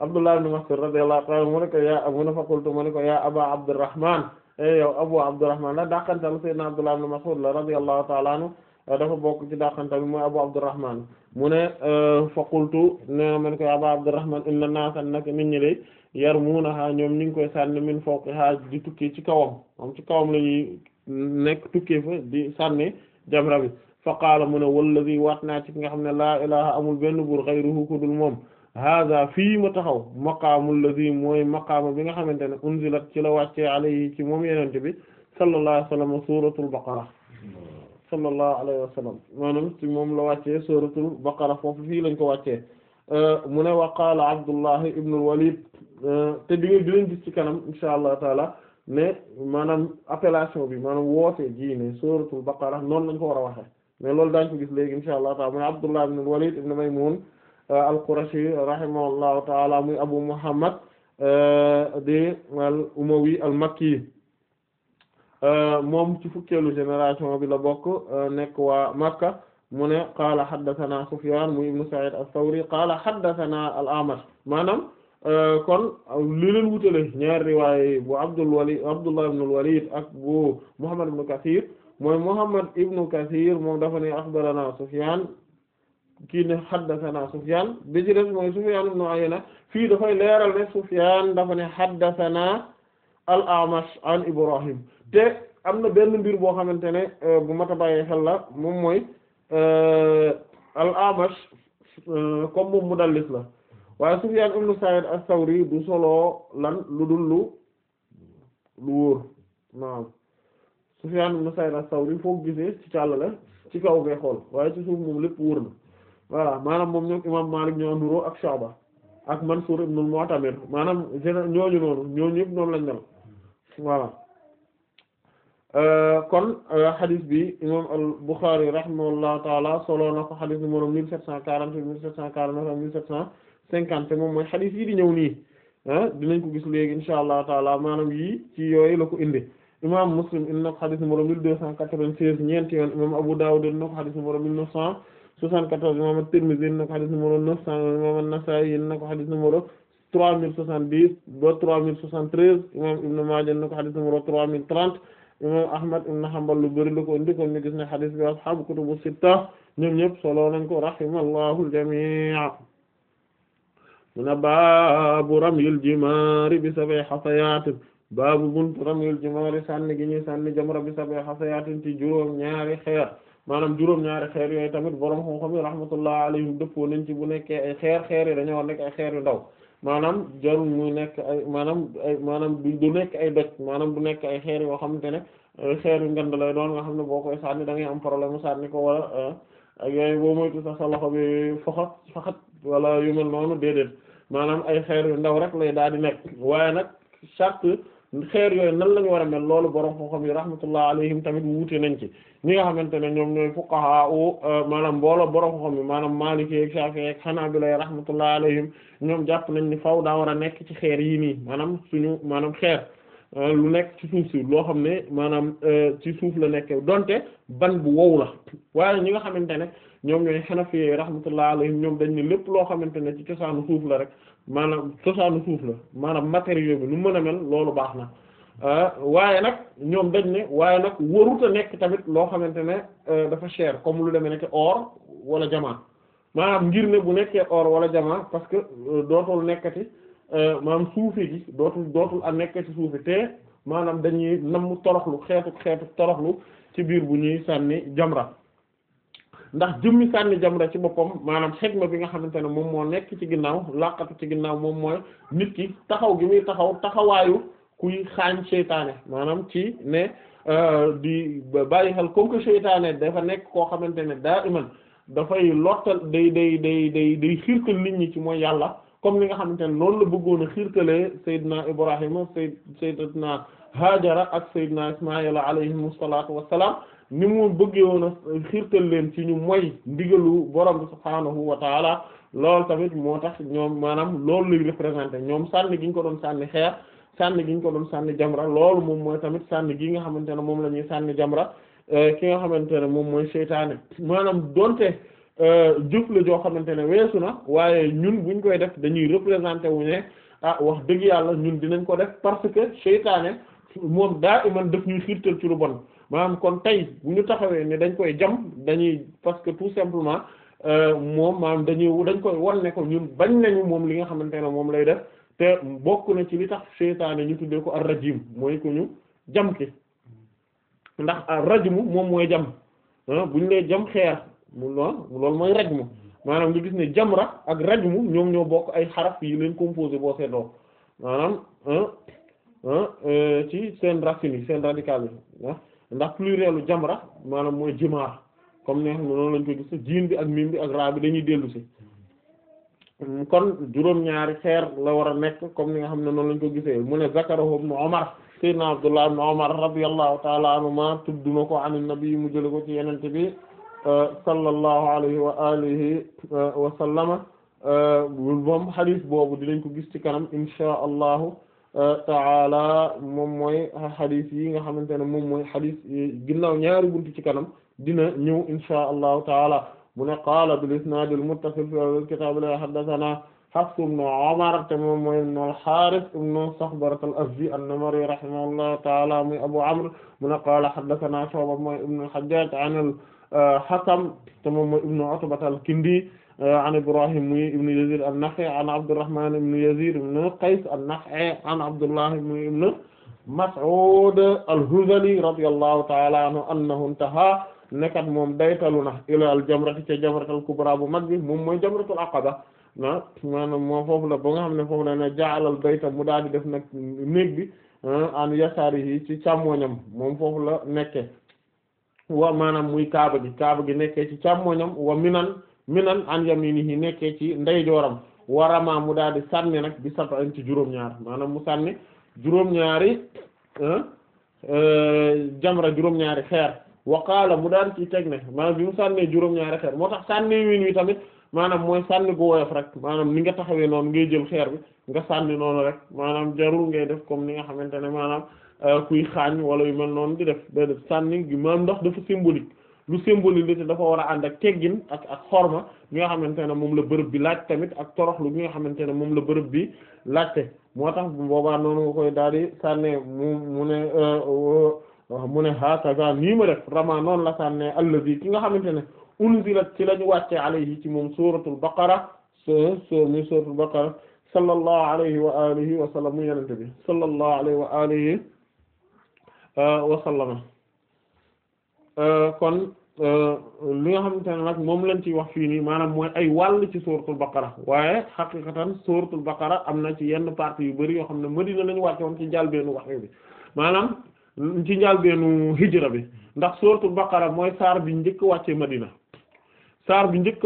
Abdullah ibn Mas'ud radiyallahu ta'ala mu ne ko yaa mu ne fa qultu mu ne ko yaa Aba Abdurrahman eh, yow Abu Abdurrahman la dàqantal sayyidina Abdullah ibn Mas'ud la radiyallahu ta'ala anhu eh, dafa bokk ci dàqantal mooy Abu Abdurrahman mu ne eh, fa qultu ne man ko yaa Aba Abdurrahman inna naasa nak nit ñi de yarmuunahaa ñoom ñu ngi koy sànni min fawqihaa di tukkee ci kawam moom ci kawam la ñuy nekk tukkee fa di sànni jamra bi fa qaala mu ne wallazi waat naa ci nga xam ne laa ilaaha amul benn buur ghayruhu moom hada fii ma taxaw maqaamul lazi mooy maqaama bi nga xamante ne unzilat ci la wàccee alayhi ci moom yenente bi sallallahu alayhi wa sallam suratul baqara sallallahu alayhi wa sallam maanaam ci moom la wàccee suratul baqara foofu fii lañ ko wàccee mu ne wa qaala abdullahi ibnul walid te di nga di leen gis ci kanam insha allah taala ne maanaam appellation bi maanaam woote ji ne suratul baqara noonu lañ ko war a waxee mais loolu daañ ko gis léegi insha allah taala mu ne abdullah ibnul walid ibn maymun Euh, al-Qurashi rahimahullahu ta'ala muy Abu Muhammad euh, di al-Umawi al-Makki euh, moom ci fukkeelu génération bi la bokk nekk waa Makka mu ne qaala haddathana Sufyan muy ibnu Sa'id ath-Thawri qaala haddathana al-A'mash maanaam kon li leen wutale riwaay bu Abdul Walid Abdullah ibn al-Walid ak bu Muhammad ibn Kathir mooy Muhammad ibn Kathir moom dafa ne akhbarana Sufyan kii ne xaddasanaa Sufyaan bi ci des mooy Sufyaan ibn Uyayna fii dafay leeral ne Sufyaan dafa ne xaddasanaa al-A'mash an Ibrahim te am na benn mbir boo xamante ne euh, bu mat a bàyyee xel la moom mooy euh, al-A'mash euh, comme mu mudallis la waaye Sufyaan ibn Sa'iid as-Sawri du solo lan lu dul lu lu wóor naam Sufyaan ibn Sa'iid as-Sawri foo gisee ci càll la ci kaw ngay xool waaye ci suuf moom lépp wóor voilà maanaam moom ñoom imam Malik ñoo nuroo ak Shu'ba ak Mansur ibn al-Mu'tamir maanaam ñooñu noonu ñooñu yëpp noonu lañ mel voilà euh, kon euh, hadith bi imam al-Bukhari rahimahullahu taala solo na ko hadith numéro mille sept cent quarante mille sept cent cinquante moom mooy hadith yi di ñëw nii dinañ ko gis léegi insha allah taala maanaam yii ci yooyu la ko indi imam Muslim indi na ko hadith numéro mille deux cent quatre-vingt-seize ñeenti yoon imam Abu cent 74 imam at-Tirmidhi indi na ko xadis numéro 900 imam an-Nasa'i indi na ko xadis numéro 3070 ba 3073 imam Ibn Maaja indi na ko xadis numéro 3030 imam Ahmad ibn Hanbal lu bari la ko indi kon ñu gis ne xadis bi ashaabu kutubu sitta ñoom ñëpp solo nañ ko rahimallahu al-jamii' mu ne baabu ramyil jimaari bi sab'i xasayaatin baabu buntu ramyil jimaari sànni gi ñuy sànni jamra bi sab'i xasayaatin ci juróom ñaari xeer maanaam juróom-ñaari xeer yooyu tamit borom xam-xam yi rahmatullah alayhim dëppoo nañ ci bu nekkee ay xeer xeer yi dañoo war nekk ay xeer yu ndaw maanaam jarul muy nekk maanaam ay maanaam du nekk ay doj maanaam du nekk ay xeer yoo xamante ne euh, xeer yu ngand lay doon nga xam ne boo koy sànni da ngay am problème sànni ko wala euh, ak yooyu boo moytu sax sa loxo bi faxat faxat wala yu mel noonu déedéet maanaam ay xeer yu ndaw rek lay daal di nekk waaye nag charte xeer yooyu nan la ñu war a mel loolu borom xam-xam yi rahmatullah alayhim tamit wuute nañ ci ñi nga xamante ne ñoom ñooy fuqaha u euh, maanaam mbooloo borom xam-xam yi maanaam Maliki ak Shafi'i ak Hanabila rahmatullah alayhim ñoom jàpp nañ ni faaw daa war a nekk ci xeer yii nii maanaam suñu maanaam xeer euh, lu nekk ci suuf si loo xam ne maanaam euh, ci suuf la nekk donte ban bu wow la waaye ñi nga xamante ne ñoom ñooy Hanafi rahmatullah alayhim ñoom dañ lépp loo xamante ne ci cosaanu suuf la rek maanaam cosaanu suuf la maanaam matériaux bi nu mën a mel loolu baax na euh, waaye nag ñoom dañ ne waaye nag waruta nekk tamit loo xamante ne euh, dafa cher comme lu demee nekk or wala jamaa maanaam ngir ne bu nekkee or wala jamaa parce que euh, dootul nekkati maam suufe gi dootul dootul a nekkati suufe te maanaam dañuy namm toroxlu xeetu xeetu toroxlu ci biir bu ñuy sànni jamra ndax jëmmi sànni jamra ci boppam maanaam xegma bi nga xamante ne moom moo nekk ci ginnaaw laqatu ci ginnaaw moom mooy nit ki taxaw gi muy taxaw taxawaayu kuy xaañ seytaane maanaam ci ne euh, di bàyyi xel comme que seytaane dafa nekk koo xamante ne daa iman dafay lottal day day day day day xiirtal nit ñi ci mooy yàlla comme li nga xamante ne noonu la bëggoon a xiirtalee Seydina Ibrahima Seyd Seydina Hajara ak Seydina Ismaila alayhimu salaatu wassalaam ni mu bëggee woon a xiirtal leen ci ñu moy ndigalu borom bi subhaanahu wa taala loolu tamit moo tax ñoom maanaam loolu lay représenté ñoom sànni gi ñu ko doon sànni xeer sànni gi ko doon sànni jamra loolu moom mooy tamit sànni gi nga xamante ne moom la ñuy sànni jamra euh, ki nga xamante ne moom mooy seytaane maanaam doonte euh, jëf la joo xamante ne weesu na waaye ñun buñ koy def dañuy représenté wu ne ah wax dëgg yàlla ñun dinañ ko def parce que seytaane moom daa iman daf ñuy xiirtal ci lu bon maanaam kon tey bu ñu taxawee ne dañ koy jam dañuy parce que tout simplement euh, moom maanaam dañuy dañ koy wan ne ko ñun bañ nañu moom li nga xamante ne moom lay def te bokk na ci li tax seytaane ñu tuddee ko ar-rajim mooy ko ñu jam ki ndax ar-rajmu moom mooy jam ah, bu ñu lay jam xeer mu loolu mooy rajmu maanaam nga gis ne jamra ak rajmu ñoom ñoo bokk ay xaraf yi leen composé boo seetloo maanaam ah, ah, euh, ci seen racine yi seen radical yi ndax plurielu jamra maanaam mooy jimaar comme ne noonu lañ ko gis jiin bi ak miim bi ak raa bi dañuy dellu mm, kon juróom-ñaari xeer la war a nekk comme ni nga xam ne noonu lañ ko gisee mu ne zakarahu ibn Umar sayyidina Abdullah ibn Umar radiyallahu ta'ala anhuma tudd na ko an nabi mu jële ko ci yenente bi euh, sallallahu alayhi wa alihi euh, wa sallama euh, moom hadith boobu dinañ ko gis ci kanam insha allahu taala moom mooy hadith yi nga xamante ne moom mooy hadith ginnaaw ñaari buntu ci kanam dina ñëw insha allahu taala mu ne qaala bil isnaad al muttasil fil kitaab la haddathana Hafs ibn Umar te moom mooy ibn al-Harith ibn Sakhbarat al-Azdi an-Namari rahimahullahu taala muy Abu Amr mu ne qaala haddathana Shu'ba mooy ibn al-Hajjaj an al-Hakam te moom mooy ibn Utba al-Kindi Euh, an Ibrahim muy ibn Yazid an-Nakha'i an Abdurrahman ibn Yazid ibn Qays an-Nakha'i an Abdullah ibn Mas'ud al-Hudhali radiyallahu ta'ala anhu annahu intaha nekkat moom daytalu na ila al-jamrati ca jamratul kubra bu mag bi moom mooy jamratul aqaba ah maanaam moom foofu la ba nga xam ne foofu la ne ja'alal bayta mu daal di def nag néeg bi euh, an yasaarihi ci càmmoñam moom foofu la nekke wa maanaam muy kaaba gi kaaba gi nekkee ci càmmoñam wa minan minan an yaminihi nekkee ci ndeyjooram warama mu daal di sànni nag bi sat an ci juróom-ñaar maanaam mu sànni juróom-ñaari euh, jamra juróom-ñaari xeer waqaala mu daal ci teg ne maanaam bi mu sànnee juróom-ñaari moo tax sànnee wiin wi tamit maanaam mooy sànni gu woyof rek maanaam ni nga taxawee noonu ngay jël xeer bi nga sànni noonu rek maanaam jarul ngay def comme ni nga xamante ne maanaam euh, kuy xaañ wala yu mel noonu di def day def sànni gi maanaam ndax dafa symbolique lu symbolique la te dafa war a ànd ak teggin ak ak xorma bi nga xamante ne moom la bërëb bi laaj tamit ak toroxlu bi nga xamante ne moom la bërëb bi laajte moo tax boobaa noonu nga koy daal di sànne mu mu ne euh, euh, mu ne ha kaga nii ma def rama noonu la sànne allazi ki nga xamante ne unzilat ci la ñu wàcce alayhi ci moom suratul baqara so so mi suratul baqara sallallahu alayhi wa alihi wa sallam bi sallallahu alayhi wa alihi euh, wa sallama Euh, kon euh, li nga xamante ne nag moom lañ ciy wax fii nii maanaam mooy ay wàll ci suratul baqara waaye xaqiqatan suratul baqara am na ci yenn parties yu bari yoo xam ne Madina lañu wàcce woon ci njàlbeenu wax bi maanaam ci njàlbeenu hijra bi ndax suratul baqara mooy saar bi njëkk wàcce Madina saar bi njëkk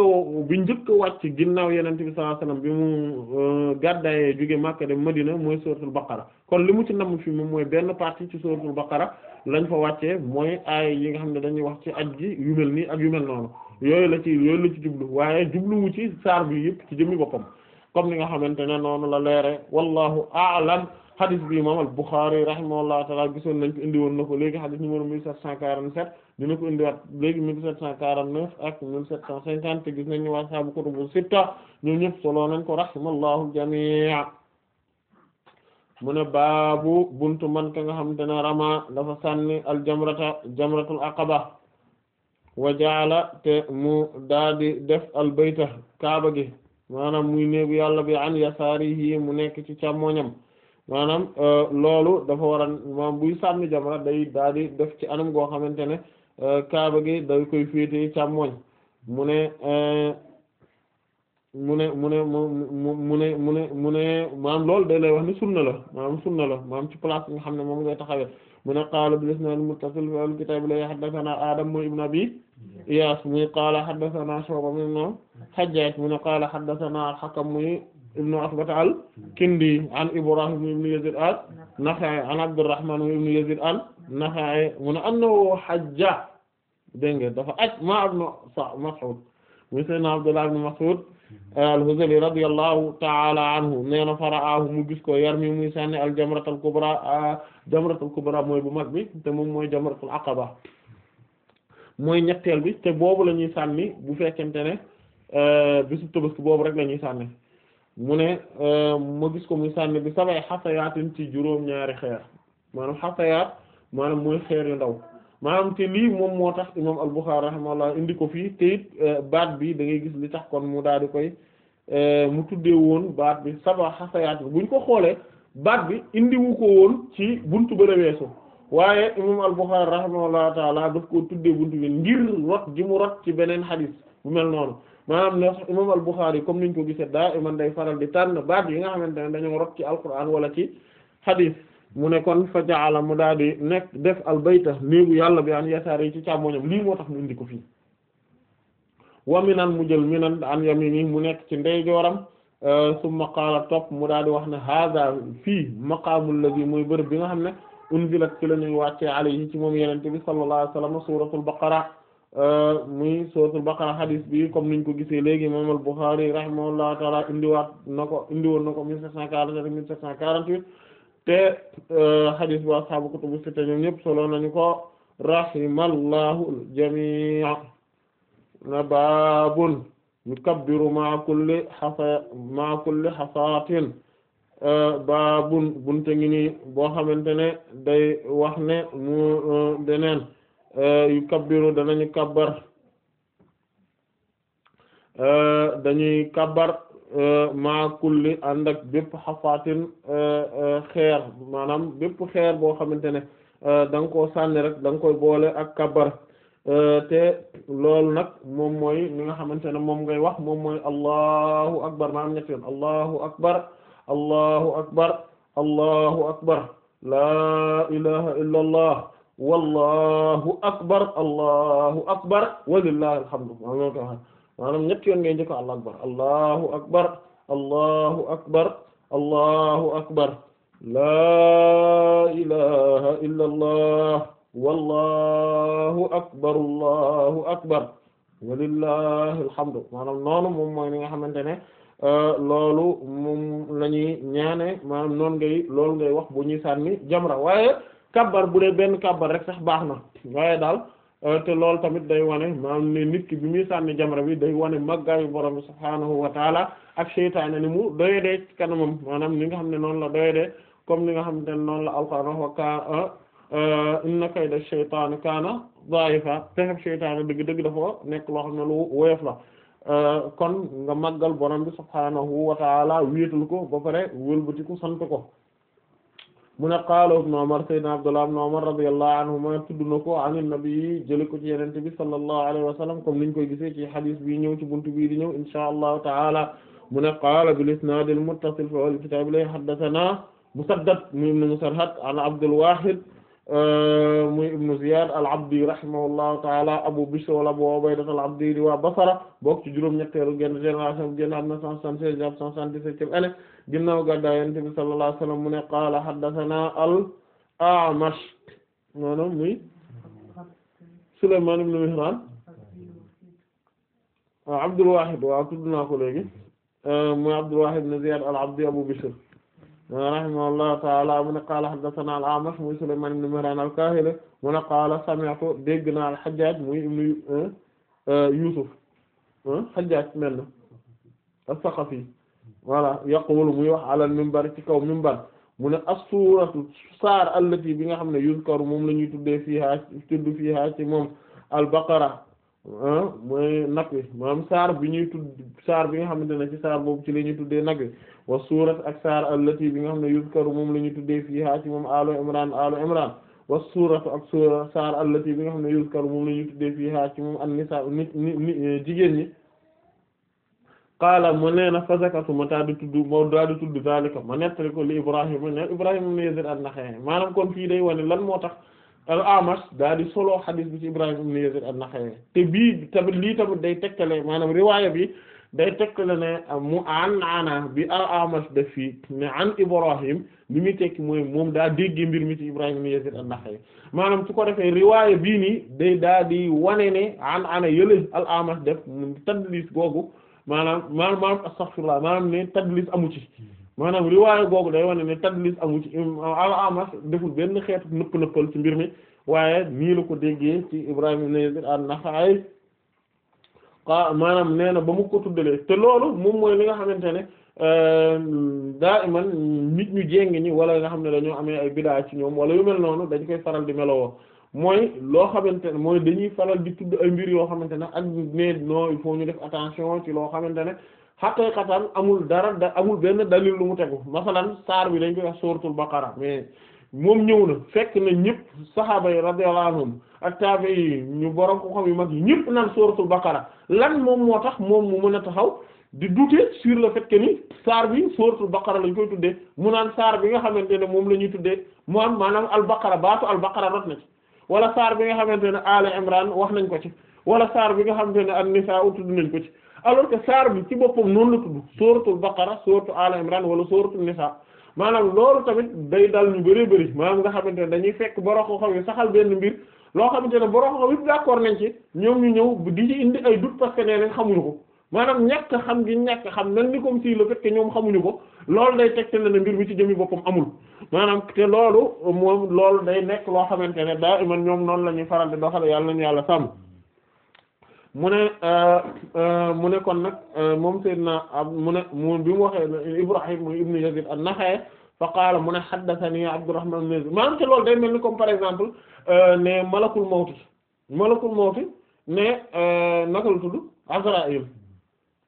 bi njëkk wàcc ginnaaw yenente bi sallallahu alayhi bi mu euh, gàddaayee jóge Makka dem Madina mooy suratul baqara kon li mu ci namm fii moom mooy benn partie ci suratul baqara lañ fa wàccee mooy ay yi nga xam ne dañuy wax ci aj gi yu mel nii ak yu mel noonu yooyu la ci yooyu la ci jublu waaye jubluwu ci saar bi yëpp ci jëmmi boppam comme ni nga xamante ne noonu la leere wallahu a'lam hadis bi imam al-Bukhari rahimahullahu taala gisoon nañ ko indi woon na ko léegi hadis numéro 1747 dina ko indiwaat léegi 1749 ak 1750 gis nañ waa saabu kutubu sitta ñoom ñëpp solo nañ ko rahimallahu jami'a mu ne baabu buntu man ka nga xam xamante ne rama dafa sànni aljamrata jamratul aqaba wa jaala te mu daadi def albayta kaaba gi maanaam muy néegu yàlla bi an yasaarihi mu nekk ci càmmoñam maanaam euh, loolu dafa war a maanaam buy sànni jamra day daadi def ci anam goo xamante ne euh, kaaba gi day koy féete càmmoñ mu ne euh, mu ne mu ne mu ne mu ne mu ne maam loolu day lay wax ni sunna la maam sunna la maam ci place bi nga xam ne moom ngay taxawee mu ne qaala bil isnaad muttasil fi al-kitaab la haddathanaa Adam mooy ibn Abi Iyaas muy qaala haddathanaa Shu'ba ibn mu ne qaala haddathanaa al-Hakam muy ibn Utba al-Kindi an Ibraahiim ibn Yaziid an-Nakha'i an Abdurrahmaan ibn Yaziid an-Nakha'i mu ne annahu hajja dégg nga dafa aj ma ibn Mas'uud muy sayyidunaa Abdullah ibn Mas'uud al-Huzali radiyallahu ta'ala anhu nee na faraahu mu gis ko yar mi muy sànni al-jamratul kubra jamratul kubra mooy bu mag bi te moom mooy jamratul aqaba mooy ñetteel bi te boobu la ñuy sànni bu fekkente ne euh, bisu Tabaski boobu rek la ñuy sànni mu ne euh, ma gis ko muy sànni bi sabay xasayaatin ci juróom-ñaari xeer maanaam xasayaat maanaam mooy xeer yu ndaw. maanaam te lii moom moo tax imam al-Bukhari rahimahullah indi ko fii te it euh, baat bi da ngay gis li tax kon mu daal di koy euh, mu tuddee woon baat bi saba xasayaat bi ñu ko xoolee baat bi indiwu ko woon ci buntu ba la weesu waaye imam al-Bukhari rahimahullah taala daf ko tuddee buntu bi ngir rot ji mu rot ci beneen xadis bu mel noonu maanaam ne imam al-Bukhari comme ni ñu ko gisee daa iman day faral di tànn baat yi nga xamante ne dañoo rot ci alquran wala ci xadis mu nekkoon kon fa jaala mu daal di nekk def albayta néegu yàlla bi an yasaar yi ci càmmoñam lii moo tax mu indi ko fii wa nan mu jël minan an yamini mu nekk ci ndeyjooram euh, summa qaala topp mu daal di wax ne hada fii maqaamul ladhi muy bërëb bi nga xam ne unzilat ci la ñuy wàccee alayhi ci moom yenente bi sallallahu alayhi wasallam suratul baqara euh, muy suratul baqara hadis bi comme niñ ko gisee léegi imam al Bukhari rahimahullahu taala indiwaat na ko indi woon na ko mille sept cent te e, hadis bu ashaabu kutubu sitta ñoom ñëpp solo nañu ko rahimallahu al-jamii' na baabun yukabbiru ma'a kulli hasa e, baabun bunte ngi nii boo xamante ne day wax ne mu deneen e, yukabbiru danañu kabbar dañuy kabbar Euh, maa kulli ànd ak bépp xafaatin euh, euh, xeer maanaam bépp xeer boo xamante ne da nga koo sànni rek da nga koy boole ak kabar te loolu nag moom mooy li nga xamante ne moom ngay wax moom mooy allahu akbar maanaam ñetti yoon allahu akbar allahu akbar allahu akbar laa ilaha illa allah wallahu akbar allahu akbar walillahi alhamdu maanaam ñetti yoon ngay njëkko allahu akbar allahu akbar allahu akbar allahu akbar laa ilaha illa allah wallahu akbar allahu akbar walillahi alhamdu maanaam noonu moom mooy li nga xamante ne euh, loolu moom la ñuy ñaane maanaam noonu ngay loolu ngay wax bu ñuy sànni jamra waaye kabbar bu dee benn kabbar rek sax baax na waaye daal Euh, te loolu tamit day wane maanaam nit ki bi muy sànni jamra bi day wane màggaayu borom bi subhaanahu wa taala ak seytaane ni mu doyedee ci kanamam maanaam ni nga xam ne noonu la doyedee comme ni nga xam ne noonu la alqaana wa kaa euh, euh, inna kayda shaytaani kaana da'ifa pexeb seytaane dëgg dëgg dafa nekk loo xam ne lu woyof la kon nga màggal borom bi subhaanahu wa taala wéetal ko ba pare wëlbatiku sant ko mu ne qaala ibn Umar sayyidina Abdullah ibn Umar radiyallahu anhuma tudd na ko an nabi jële ko ci yenente bi sallallahu alayhi wa sallam comme niñ koy gisee ci hadith bi ñëw ci buntu bii di ñëw inshaa Allahu ta'ala mu ne qaala bil isnaad al muttasil fi al kitaab lay haddathana Musaddad muy ibn Musarhad an Abdul Wahid muy ibn Ziyad al-Abdi rahimahullahu ta'ala Abu Bishr wala Abu Ubaydah al-Abdi waa Basra bokk ci juróom-ñetteelu génn génération génn am na 176 177 année ginnaaw gàddaay Yonent bi sallallahu alayhi wa sallam mu al-A'mash maanaam muy Sulaymaan ibn Mihraan waaw Abdul Wahid waaw ko léegi euh, muy Abdul ibn Ziyad al-Abdi Abu Bishr rahimahullahu ta'ala mu ne qaala al-A'mash muy Sulaymaan ibn Mihraan al-Kaahili mu ne qaala sami'tu dégg naa al-Hajjaaj muy ibn euh, euh, Yuusuf Hajjaaj mel na saqafi voilà yaqulu muy wax alal minbar ci kaw mi minbar mu ne as-suuratu saar allati bi nga xam ne yuzkaru moom la ñuy tuddee fiihaa tudd fiihaa ci moom al-baqara ah, mooy nag wi maanaam saar bi ñuy tudd saar bi nga xamante ne ci saar boobu ci la ñuy tuddee nag wi wa suurat ak saar allati bi nga xam ne yuzkaru moom la ñuy tuddee fiihaa ci moom aalu imran aalu imran wa suuratu ak suura saar allati bi nga xam ne yuzkaru moom la ñuy tuddee fiihaa ci moom an-nisaa jigéen ñi qaala mu nee na fa zakatu ma tudd moo daa di tudd zalika ma nettali ko li Ibrahima ne Ibrahima ibn Yazid an-Nakha'i kon fii day wane lan moo tax al-Amash di solo xadiis bi ci Ibrahima ibn Yazid an-Nakha'i te bii tamit lii tamit day tegtale maanaam riwaaya bi day tegtale ne mu an ana bi al-Amash def fii ne an Ibrahim li muy tekki mooy moom daa déggee mbir mi ci Ibrahima ibn Yazid an maanaam su ko defee riwaaya bii nii day daa di wane ne an ana yële al-Amash def mu tadlis googu maanaam maanaam maanaam astaghfirullah maanaam ne tadlis amu ci maanaam riwaayu googu day wane ne tadlis amu ci al-Amash deful benn xeetu nëpp-nëppal ci mbir mi waaye nii la ko déggee ci Ibrahim ibn Yazid an-Nakha'i maanaam nee na ba mu ko tuddalee te loolu moom mooy li nga xamante ne euh, daa iman nit ñu jéng ñi wala nga xam ne dañoo amee ay bidaa ci ñoom wala yu mel noonu dañ koy faral di melowoo mooy loo xamante ne mooy dañuy falal di tudd ay mbir yoo xamante ne ak ne non il faut ñu def attention ci loo xamante ne xaqiqatan amul dara da amul benn dalil lu mu tegu masalan saar bi dañ koy wax suuratul baqara mais moom ñëw na fekk na ñëpp saxaaba yi radiyallahu anhum ak taabe yi ñu borom ko yu mag yi ñëpp naan suuratul baqara lan moom moo tax moom mu mën a taxaw di douter sur le fait que ni saar bi suuratul baqara lañ koy tuddee mu naan saar bi nga xamante ne moom la ñuy tuddee mu am maanaam al baqara baatu al baqara rot na ci. wala saar bi nga xamante ne Ali Imran wax nañ ko ci wala saar bi nga xamante ne an-Nisaa tudd nañ ko ci alors que saar bi ci boppam noonu la tudd suratul Baqara suratu Ali Imran wala suratul Nisaa maanaam loolu tamit day dal ñu bari bari maanaam nga xamante ne dañuy fekk boroko xam yi saxal benn mbir loo xamante ne boroko xam yëpp d'accord nañ ci ñoom ñu ñëw di ci indi ay doute parce que nee nañ xamuñu ko maanaam ñàkk xam gi ñàkk xam nan ni comme ñoom xamuñu ko loolu day tegte ne mbir bi ci jëmi boppam amul maanaam te loolu moom lool day nekk loo xamante ne daa iman ñoom noonu la ñuy faral di doxal yàlla nañu yàlla sàmm mu ne euh, euh, mu ne kon nag euh, moom Seydina mu ne mu bi mu waxee Ibrahim mu ibnu Yazid an-Nakha'i fa qaala mu ne haddathani Abdurrahman ibn Yazid maanaam te loolu day mel ni par exemple ne malakul mawti malakul mawti ne naka la tudd Azraïl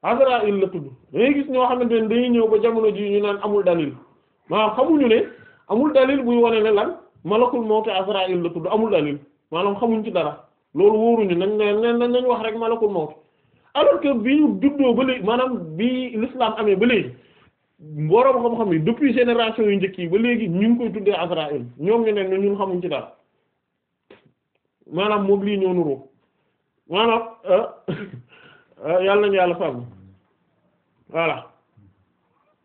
Azraïl la tudd dangay gis ñoo xamante ne dañuy ñëw ba jamono ji ñu naan amul dalil maanaam xamuñu ne amul dalil buy wane ne lan malakul mawti Azraïl la tudd amul dalil maanaam xamuñ ci dara loolu wóoruñu nañ ne nañ wax rek malakul mawti alors que bi ñu juddoo ba léegi maanaam bi l'islam amee ba léegi boroom xam-xam yi depuis génération yu njëkk yi ba léegi ñu ngi koy tuddee Azraïl ñoom ñu ne ne ñun xamuñ ci dara maanaam moom lii ñoo nuru maanaam euh, euh, yàlla nañu yàlla sàmm voilà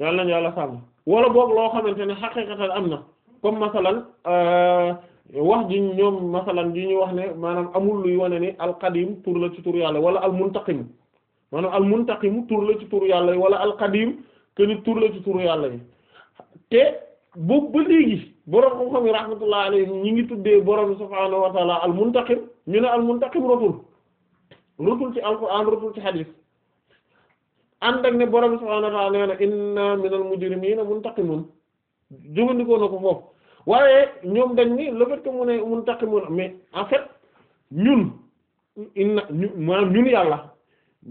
yàlla nañu yàlla sàmm wala boobu loo xamante ne xaqiiqatan am na comme masalan euh, wax ji ñoom masalan ji ñu wax ne maanaam amul luy wane ni alqadim tur la ci tur yàlla wala almuntaqim maanaam almuntaqim tur la ci tur yàlla yi wala alqadim que ni tur la ci tur yàlla yi te boobu ba léegi borom xam-xam yi rahmatullahi alayhim ñi ngi tuddee borom subhaanahu wa taala almuntaqim ñu ne almuntaqim rotul rotul ci alquran rotul ci hadith ànd ak ne borom subhaanahu wa ta'aala nee na inna minal mujrimiina muntaqimuun jëfandikoo na ko foofu waaye ñoom dañ ni le fait que mu ne muntaqimuun mais en fait ñun inna ñu maanaam ñun yàlla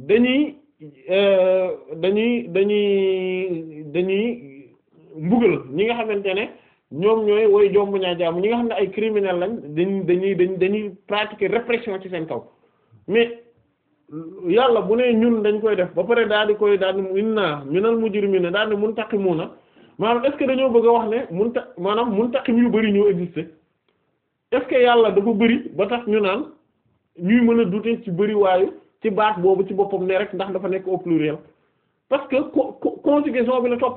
dañuy euh, dañuy dañuy dañuy mbugal ñi nga xamante ne ñoom ñooy woy jomb ñaa jaamu ñi nga xam ne ay criminel lañ dañ dañuy dañ dañuy pratiquer répression ci seen kaw mais yàlla bu ne ñun dañ koy def ba pare daal di koy mu di inna minal mujrimina daal di muntaqimuna maanaam est-ce que dañoo bëgg a wax ne mun munta maanaam muntaqim yu bari ñoo existé est-ce que yàlla dafa bari ba tax ñu naan ñuy mën a douter ci bari waayu ci baat boobu ci boppam ne rek ndax dafa nekk au pluriel parce que conjugation bi la topp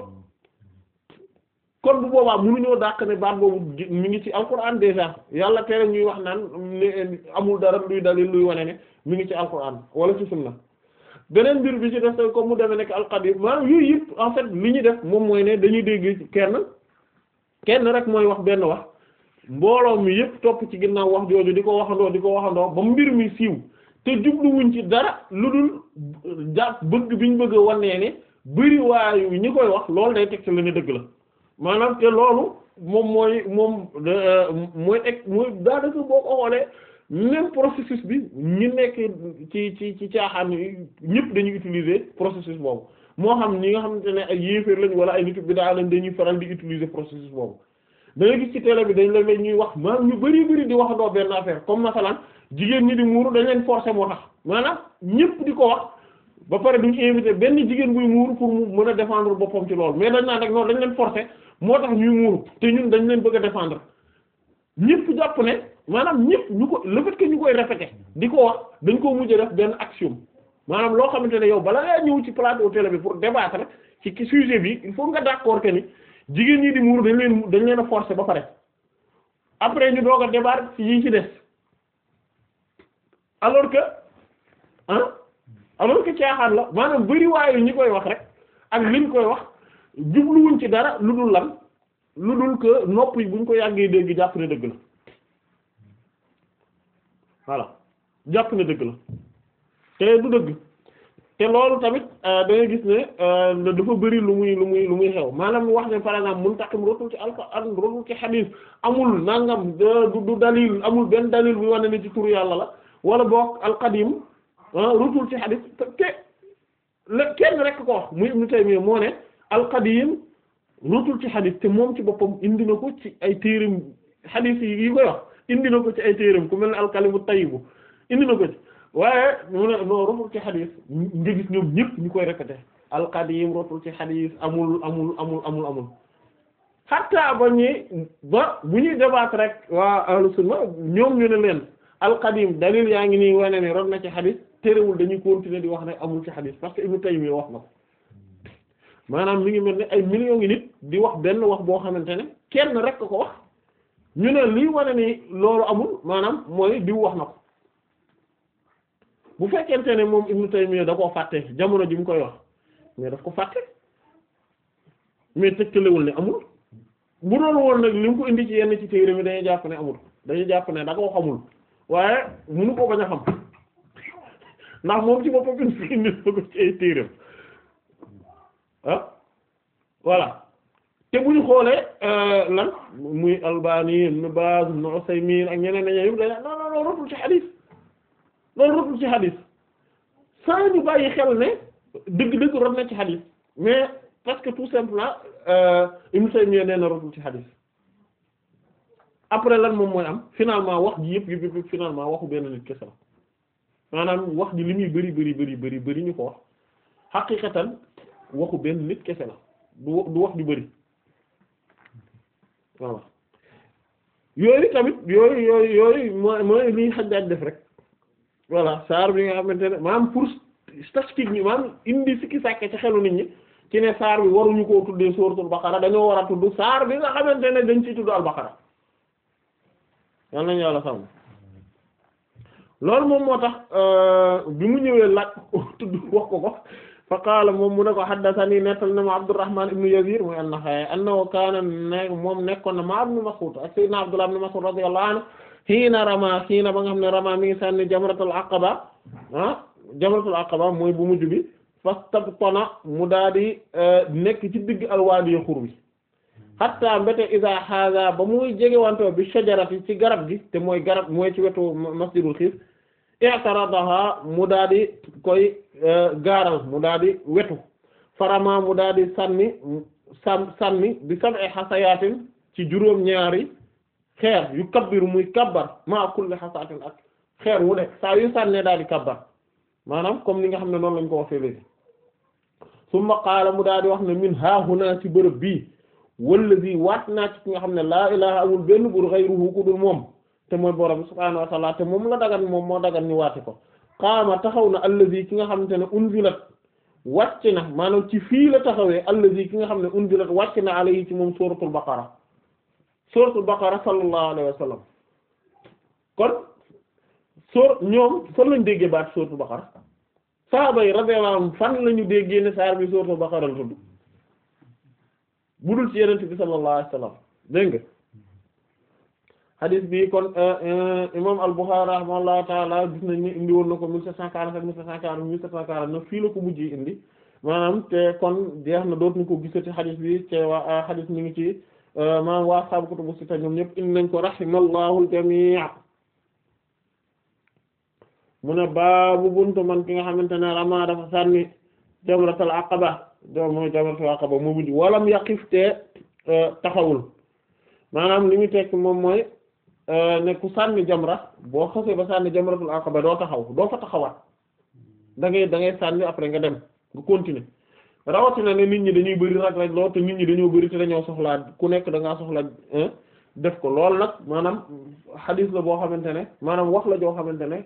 kon bu boobaa mënuñoo dàq ne baat boobu mi ngi ci alquran déjà yàlla tere ñuy wax naan amul dara luy dalil luy wane ne mi ngi ci alquran wala ci sunna beneen mbir bi ci def tey comme mu demee nekk alqadir maanaam yooyu yëpp en fait li ñu def moom mooy ne dañuy dégg kenn kenn rek mooy wax benn wax mbooloo mi yëpp topp ci ginnaaw wax jooju di ko waxandoo di ko waxandoo ba mu mbir mi siiw te jubluwuñ ci dara lu dul jàpp bëgg biñ bëgg a wane ne bëri waayu ñi koy wax loolu day teg ci la ne dëgg la. maanaam te loolu moom mooy moom euh, mooy ek mooy daanaka boo ko xoolee même processus bi ñu nekk ci ci ci caaxaan yi ñëpp dañuy utiliser processus boobu moo xam ñi nga xamante ne ay yéeféer lañ wala ay nitu bid'a lañ dañuy faral di utiliser processus boobu da nga gis ci télé bi dañ la leen ñuy wax maanaam ñu bari bari di wax doo benn affaire comme masalan jigéen ñi di muuru dañ leen forcer moo tax maanaam ñëpp di ko wax ba pare duñ invité benn jigéen buy muuru pour mu mën a défendre boppam ci loolu dañ naan rek noonu dañ leen forcer moo tax ñuy muuru te ñun dañ leen bëgg a défendre ñëpp jàpp ne maanaam ñëpp ñu ko le fait ñu koy répéter di ko wax dañ koo mujj def benn axiome maanaam loo xamante ne yow bala ngaa ñëw ci plateau télé bi pour débattre ci sujet bi il faut nga d'accord que ni jigéen ñi di muuru dañ leen dañ leen a ba pare après ñu doog a débattre yi ci des alors que ah alors que caaxaan la maanaam bari waayu ñi koy wax rek ak liñ koy wax. jubluwuñ ci dara lu dul lan lu dul que nopp yi buñ ko yàggee dégg jàpp ne dëgg la voilà jàpp ne dëgg la te du dëgg te loolu tamit euh, da gis ne euh, dafa bari lu muy lu muy lu muy xew maanaam wax ne par exemple muntaqim rotul ci alxuraan rotul ci xadiis amul nangam du dalil amul benn dalil bu wane ne ci turu yàlla la wala boog alqadim ah, rotul ci xadiis te kenn rek ko wax muy Ibnu moo ne. alqadiim rootul ci xadis te moom ci boppam indi na ko ci ay téeram xadis yi koy wax indi na ko ci ay téeram ku mel ne alkalimu tayyibu indi na ko ci waaye mu ne non rootul ci xadis nga gis ñëpp ñu koy répété alqadiim rootul ci xadis amul amul amul amul amul xatta ba ñi ba bu ñuy débat rek waa ahlu sunna ñoom ñu ne leen alqadim dalil yaa ngi nii wane ne rot na ci xadis téerewul dañuy continuer di wax wax na ko maanaam mi ngi mel ne ay millions ngi nit di wax benn wax boo xamante ne kenn rek ko wax ñu ne lii wane ni loolu amul maanaam mooy diw wax na ko bu fekkente ne moom Ibnu Taymiyya da koo fàtte jamono ji mu koy wax mais def ko fàtte mais tëkkalewul ne amul bu doon woon nag li mu ko indi ci yenn ci téere mi dañuy jàpp ne amul dañuy jàpp ne da koo xamul waaye munu ko bañ a xam ndax moom ci boppam indi na ko ci ay téereem ah voilà te buñu ñu xoolee euh, lan muy Albani Ibn Baz Ibn Usaymin ak ñeneen ñeneen yëpp loolu rotul ci xadis loolu rotul ci xadis sans ñu bàyyi xel ne dëgg-dëgg rot na ci xadis mais parce que tout simplement euh, Ibn Usaymin nee na rotul ci xadis après lan moom mooy am finalement wax ji yëpp yëpp yëpp finalement waxu benn nit kese la maanaam wax ji li muy bari bari bari bëri bari ñu ko wax xaqiqatan waxu benn nit kese la du du wax ju bëri voilà yooyu tamit yooyu yooyu yooyu mooy mooy liy xajjaaj def rek voilà saar bi nga xamante ne maanaam pour statistique ñi maanaam indi sikki sàkke ci xelu nit ñi ci ne saar bi waruñu koo tuddee suuratul baqara dañoo war a tudd saar bi nga xamante ne dañ ci tudd al baqara nañ nañu yàlla sàmm loolu moom moo tax euh, bi mu ñëwee laaj tudd wax ko ko fa qaala moom mu ne ko haddathanii nettal na ma Abdurrahman ibn Yazid mu an-Nakha'i annahu kaana ne moom nekkoon na ma Ibn Mas'ud ak sayyidina Abdullah ibn Mas'ud radiyallahu anhu hiina rama hiina ba nga xam ne rama mi ngi sànni jamratul aqaba ah jamratul aqaba mooy bu mujj bi fastabtana mu daa di eh, nekk ci digg alwaadiyo xur bi hatta mbéte isa haza ba muy jegewantoo bi shajarati ci garab gi te mooy garab mooy ci wetu masjidul xiif i'taradaha mu daa koy euh, gaaral mu daa di wetu farama mu daa di sànni sam sànni bi sab'i xasayaatin ci juróom ñaari xeer yu kabbiru muy kabbar ma kulli xasaatin ak xeer wu ne saa yu sànnee daa di kabbar maanaam comme ni nga xam ne noonu lañ ko waxee léegi summa qaala mu daa di wax ne min haahuna ci bërëb bii wallazi waat naa ci ki nga xam ne laa ilaha amul benn buur xayruhu ku dul moom te mooy borom subhaanahu wa ta'ala te moom la dagan moom moo dagan ñu waate ko qaama taxaw na allazi ki nga xamante ne unzilat wàcc na maanaam ci fii la taxawee allazi ki nga xam ne unzilat wàcc na alayhi ci moom suuratul baqara suuratul baqara sallallahu alayhi wa sallam kon soor ñoom fan lañ déggee baat suuratul baqara saaba yi radiyallahu anhum lañu déggee ne saar bi suuratul baqara la tudd budul ci yonent bi sallallahu alayhi wa nga hadith bi kon euh, euh, imam al-Bukhari rahimahullahu ta'ala gis nañ ne indi woon na ko 1747 1740 1749 fii la ko mujjee indi maanaam te kon jeex na dootuñu ko gisati hadith bi te waa euh, hadith mi ngi ci maanaam waa saabu kutubu sitta ñoom ñëpp indi nañ ko rahimallahu al-jami' mu ne baabu buntu man ki nga xamante ne rama dafa sànni jamratul aqaba do mooy jamratul aqaba mu mujj walam yaqif te taxawul maanaam li mu tekk moom mooy Euh, ne ku sànni jamra boo xasee ba sànni jamratul aqaba doo taxaw doo fa taxawaat da ngay da ngay après nga dem nga continuer rawatina ne nit ñi dañuy bëri rag rek lool te nit ñi dañoo bëri te dañoo soxlaa ku nekk da ngaa soxla def ko lool nag maanaam xadiis la boo xamante ne maanaam wax la joo xamante ne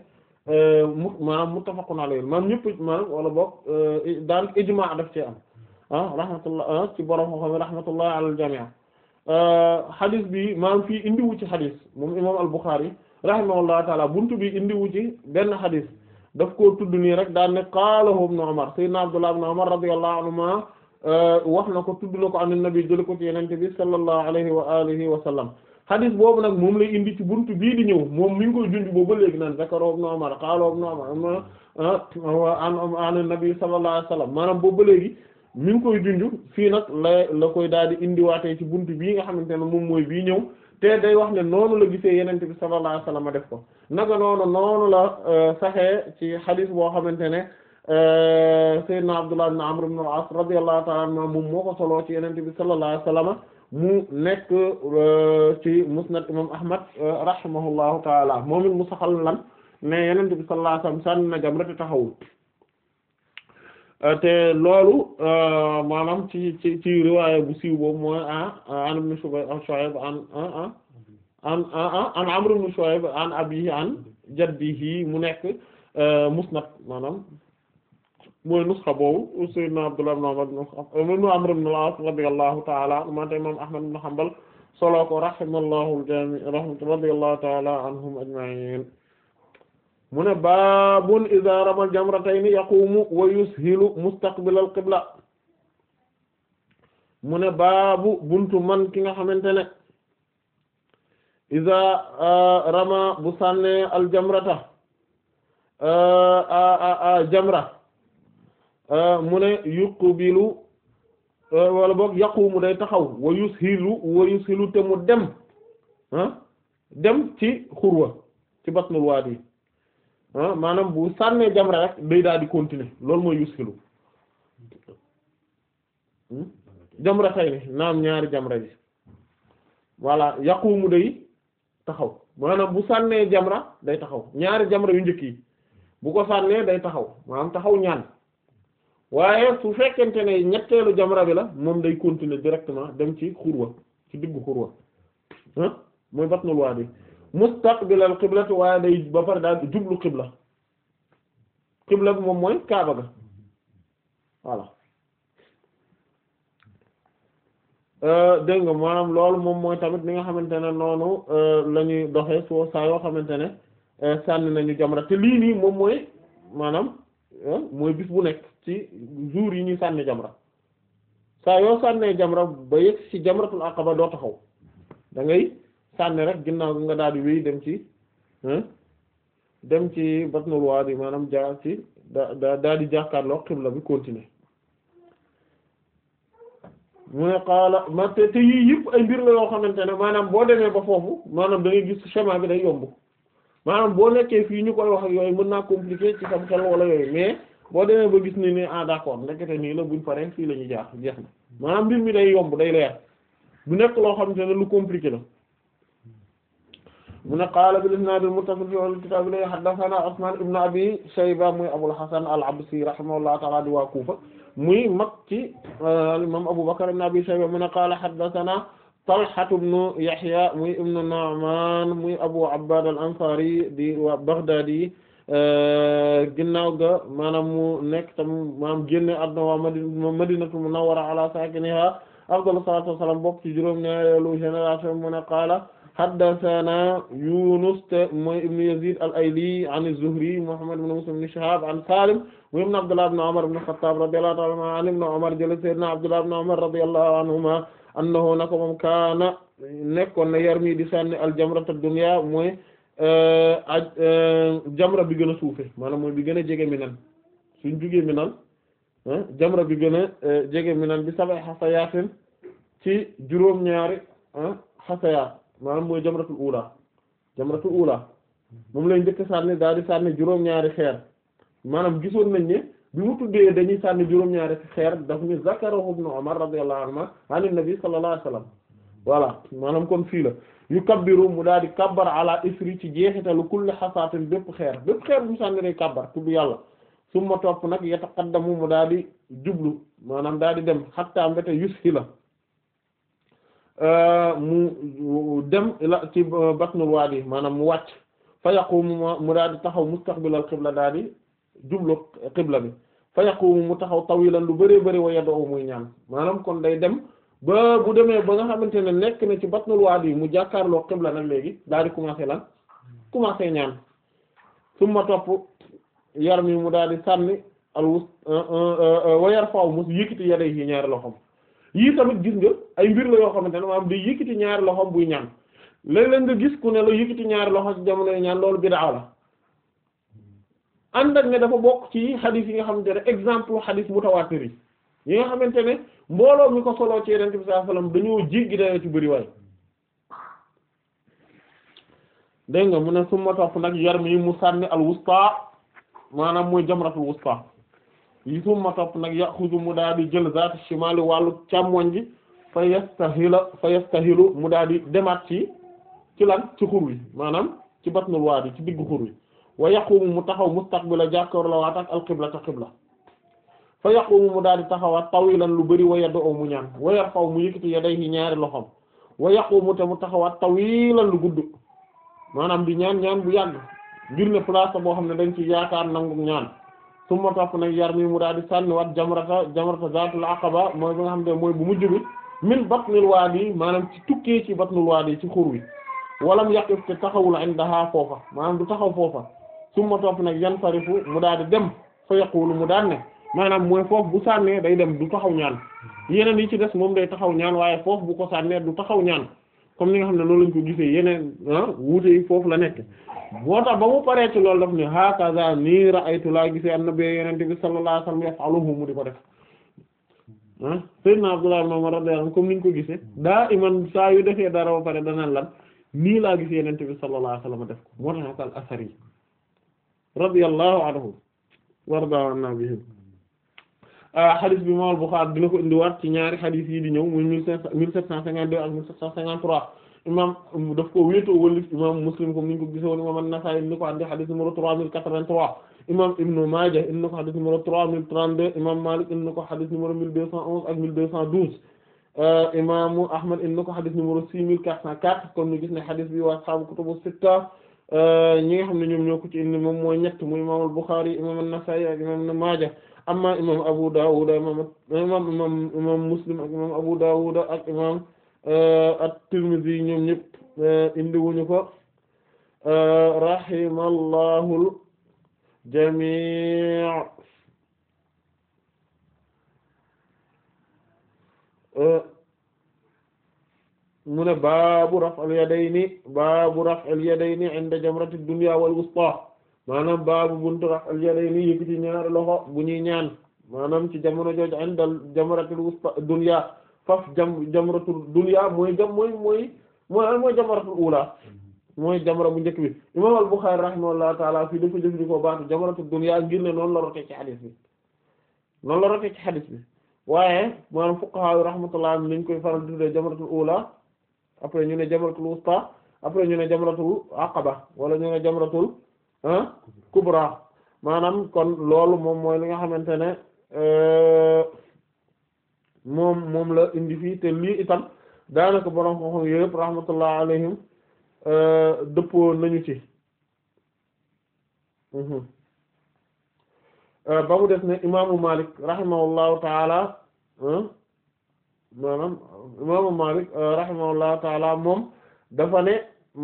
euh, mu maanaam muttafaqun alayhi maanaam ñëpp maanaam wala boog euh, daan ijmaa daf cee am ah rahmatullah ah, ci borom xam-xam rahmatullah alal a xadis euh, bi maam fi indiwu ci xadis moom imaam al-Bukhari rahimahullahu taala bunt bi indiwu ci benn xadis daf ko tudd nii rek daan ne qaalahu ibn Umar sayyidina Abdullah ibn Umar radiyallahu anhuma euh, wax na ko tudd na ko an nabi jël ko ci yenente bi sallallahu alayhi wa alihi wa sallam xadis boobu nag moom lay indi ci bunt bii di ñëw moom mi ngi koy junj boobu ba léegi naan zakaro ibn Umar qaalahu ibn Umar an an nabi sallallahu alayhi wa sallam maanaam boobu ba léegi mi koy junj fii nag la koy daal di indiwaatee ci bunt bii nga xamante ne moom mooy bii ñëw te day wax ne noonu la gisee yenente bi sallallahu alayhi wasallam def ko naka noonu noonu la euh, saxee ci xadis boo xamante ne euh, sayyidna Abdullah ibn Amr ibn al-As radiyallahu ta'ala anhu moom moo ko soloo ci yenente bi sallallahu alayhi wasallam mu nekk euh, ci musnad imam Ahmad rahimahullahu ta'ala moom it mu saxal lan ne yenente bi sallallahu alayhi wasallam sànni na jamrati taxawul Euh, te loolu euh, maanaam ci ci ci riwaaya bu siiw boobu mooy a ah, an ibn Shuayb an an an an Amr ibn Shuayb an abiihi an mu nekk euh, musnad maanaam mooy nusxa boobu sayyidina Abdullah ibn Umar ibn Amr ibn ta'ala man te Ahmad ibn Hanbal solo ko rahimallahu al-jami' rahmatu radiyallahu ta'ala anhum ajma'in mu ne baabun iza ramal jamratayni yaqumu wa yushilu mustaqbilal qibla mu ne baabu buntu man ki nga xamante ne iza rama bu sànnee al jamrata jamra mu ne yuqbilu wala boog yaqumu day taxaw wa yushilu wa yushilu te mu dem ah dem ci xurwa ci batnul waadi Ah, maanaam bu sànnee jamra rek day daal di continuer loolu mooy yuskilu hmm? jamra tay ni naam ñaari jamra ji voilà yaqumu day taxaw maanaam bu sànnee jamra day taxaw ñaari jamra yu njëkk yi bu ko sànnee day taxaw am taxaw ñaan waaye su fekkente ne ñetteelu jamra bi la moom day continuer directement dem ci xurwa ci diggu xurwa hmm? mooy batnul waadi mustaqbilal qiblati waaye day ba pare daal di jublu qibla xibla bi moom mooy kaaba ga voilà euh, dégg nga maanaam loolu moom mooy tamit li nga xamante ne noonu euh, la ñuy doxee soo saa yoo xamante ne euh, sànni nañu jamra te lii nii moom mooy maanaam mooy bis bu nekk ci jour yi ñuy sànni jamra saa yoo sànnee jamra ba yegg ci jamratul aqaba doo taxaw da sànni rek ginnaaw bi nga daal di wéy dem ci dem ci batnul bi maanaam jaar ci da daal di jàkkaarloo xibla bi continuer mu ne xaala ma te te yii yëpp ay mbir la yoo xamante ne maanaam boo demee ba foofu maanaam da ngay gis schéma bi day yomb maanaam boo nekkee fii ñu koy wax yooyu mën naa compliquer ci sam xel wala yooyu mais boo demee ba gis ni ne ah d'accord ndekete nii la buñ paree fii la ñuy jaar jeex na maanaam mbir mi day yomb day leer bu nekk loo xamante ne lu compliqué la mu ne qaala bil isnaad al muttasil fi al-kitaab li haddathana Usmaan ibn Abi Shayba muy Abul Hasan al-Absi rahimahullahu ta'ala di waa Kuufa muy mag ci euh, al-imaam Abu Bakr ibn Abi Shayba mu ne qaala haddathana Talha ibn Yahya muy ibn Nu'maan muy Abu Abbaad al-Ansaari di waa Baghdaadi euh, ginnaaw ga maanaam mu nekk tam maanaam génne àdduna waa Madina Madinatu Munawwara ala saakinihaa afdalu salaatu wa salaam bokk ci juróom-ñaareelu génération mu ne qaala haddathana Yunus mooy ibn Yazid al-Ayli an az-Zuhri Muhammad ibn Muslim ibn Shihab an Salim mooy ibn Abdullah ibn Umar ibn Khattab radiyallahu ta'ala anhu an ibn Umar jële sayyidina Abdullah ibn Umar radiyallahu anhuma annahu nako moom kaana nekkoon na yarmi di sànni al-jamrata ad-dunya mooy euh, euh, jamra bi gën a suufe maanaam mooy bi gën a jege Minan suñ jugee Minan jamra bi gën a euh, jege Minan bi sab'i hasayaatin ci juróom-ñaari hasayaat maanaam mooy jamratul ula jamratul ula moom lay njëkk sànni daal di sànni juróom-ñaari xeer maanaam gisoon nañ ne bi mu tuddee dañuy sànni juróom-ñaari xeer daf ñu zakarahu ibn Umar radiyallahu anhuma anin nabi sallallahu alayhi wasallam maanaam kon fii la yu kabbiru mu daal di kabbar ala isri ci jeexitalu kulli xasaatin bépp xeer bépp xeer bu mu sànni day kabbar tudd yàlla summa topp nag yataqaddamu mu daal di jublu maanaam daal di dem xatta mbéte yus fii la Euh, mu dem ila ci euh, batnul waadi maanaam mu wàcc mu yaqumu mu daal di taxaw mustaqbilal qibla daal di jublu qibla bi fa yaqumu mu taxaw lan lu bëree bëri wa doo muy ñaan maanaam kon day dem ba bu demee ba nga xamante ne nekk na ci batnul yi mu jàkkaarloo qibla nag léegi daal di commencé lan commencé ñaan summa topp yar mi mu daal di sànni al wus euh, wa yarfa'u mu yëkkati yadayhi ñaari loxoom yii tamit gis nga ay mbir la yoo xamante ne maanaam day yëkkati ñaari loxoom buy ñaan léeg-léeg nga gis ku ne la yëkkati ñaari loxo ci jamonoy ñaan loolu bid'a la ànd ak ne dafa bokk ci xadis yi nga xamante ne exemple xadis mutawaatir yi yi nga xamante ne mbooloo mi ko soloo ci Yonent bi sallallahu alayhi wasallam dañoo jéggi dayoo ci bëri waay nga mu ne suma topp nag yar mi mu sànni al wusta maanaam mooy jamratul wusta yi summa topp nag yaxuzu mu daal di jël zaatu shimali wàllu càmmoñ ji fa yastahila fa yastahilu mu daal di demaat ci ci lan ci xur wi maanaam ci batnul waadi ci diggu xur wi wa yaqumu mu taxaw mustaqbila jàkkaarloo la waat ak alqibla ta qibla mu daal di taxawaat tawilan lu bëri wa yad'u mu ñaan wa yarfa'u mu yëkkati yadayhi ñaari loxom wa yaqumu te mu taxawaat tawilan lu gudd maanaam bi ñaan ñaan bu yàgg ngir ne place boo xam ne dañ ci yaakaar nangu ñaan moo topp nag yar mi mu daal di sànniwaat jamrata jamrata zaatul aqaba mooy bi nga xam ne mooy bu mujj bi min batnil waadi maanaam ci tukkee ci batnul waadi ci xur wi walam yaqif te taxawul indaha foofa maanaam du taxaw foofa summa topp nag yan sarifu mu daal di dem fa yaqulu mu daan ne maanaam mooy foofu bu sànnee day dem du taxaw ñaan yeneen yi ci des moom day taxaw ñaan waaye foofu bu ko sànnee du taxaw ñaan comme ni nga xam ne noonu lañ ko gisee yeneen ah wuute yi foofu la nekk moo tax ba mu paree ci loolu daf ne hakaza nii ra'aytu laa gisee annabi yonent bi sallallahu alayhi wasallam yaf'aluhu mu di ko def ah sayyidna Abdullah ibn Umar radiyallahu anhu comme ni ko gisee daa iman saa yu de dara ba pare dana lan nii laa gisee yonent bi sallallahu alayhi wasallam def ko moo tax al asari radiyallahu anhu warda anna bihim xadis euh, bi imam Bukhari dina ko indiwaat ci ñaari xadis yi di ñëw muy mille cinq cent mille sept cent cinquante deux ak mille sept cent cinquante trois imam daf ko wéetoo walif imam Muslim comme ni ñu ko gisoon imam an indi ko xadis numéro trois mille quatre-vingt-trois imam indi na ko xadis numéro trois mille trente-deux imam Malik indi ko xadis numéro mille deux cent onze ak mille deux cent douze euh, imaamu Ahmad indi ko xadis numéro six mille quatre cent quatre euh, xam ne ñoom ñoo ko ci indi moom mooy amma imam Abu Dawud imam imam imam Muslim ak imam Abu Dawud ak imam uh, at-Tirmidhi ñoom ñëpp uh, indi wuñu ko uh, rahimallahu al-jami' mu ne baabu raf'il yadayni baabu raf'il yadayni 'inda jamratid dunya wal wusta maanaam baabu buntu raf'al yadayni yëkkati ñaari loxo bu ñuy ñaan maanaam ci jamono jooju inda jamratul wusta dunya faf jam jamratul dunya mooy jam mooy mooy mooy mooy jamratul ula mooy bu njëkk bi imam al-Bukhari rahimahullahu taala fii dafa jëfandikoo baatu jamratul dunya ngir ne noonu la rote bi noonu la rote ci xadis bi waaye maanaam fuqaha yi rahmatullah am nañ koy faral di tuddee jamratul ula après ñu ne jamratul wusta après ñu ne jamratul aqaba wala ñu ne jamratul kubra maanaam kon loolu moom mooy li nga xamante ne euh, moom moom la indi fii te lii itam daanaka borom xam-xam yëpp rahmatullah alayhim euh, dëppoo nañu ci mhm. euh, ba mu def ne imaamu Malik rahimahullahu taala maanaam imaamu Malik rahimahullahu taala moom dafa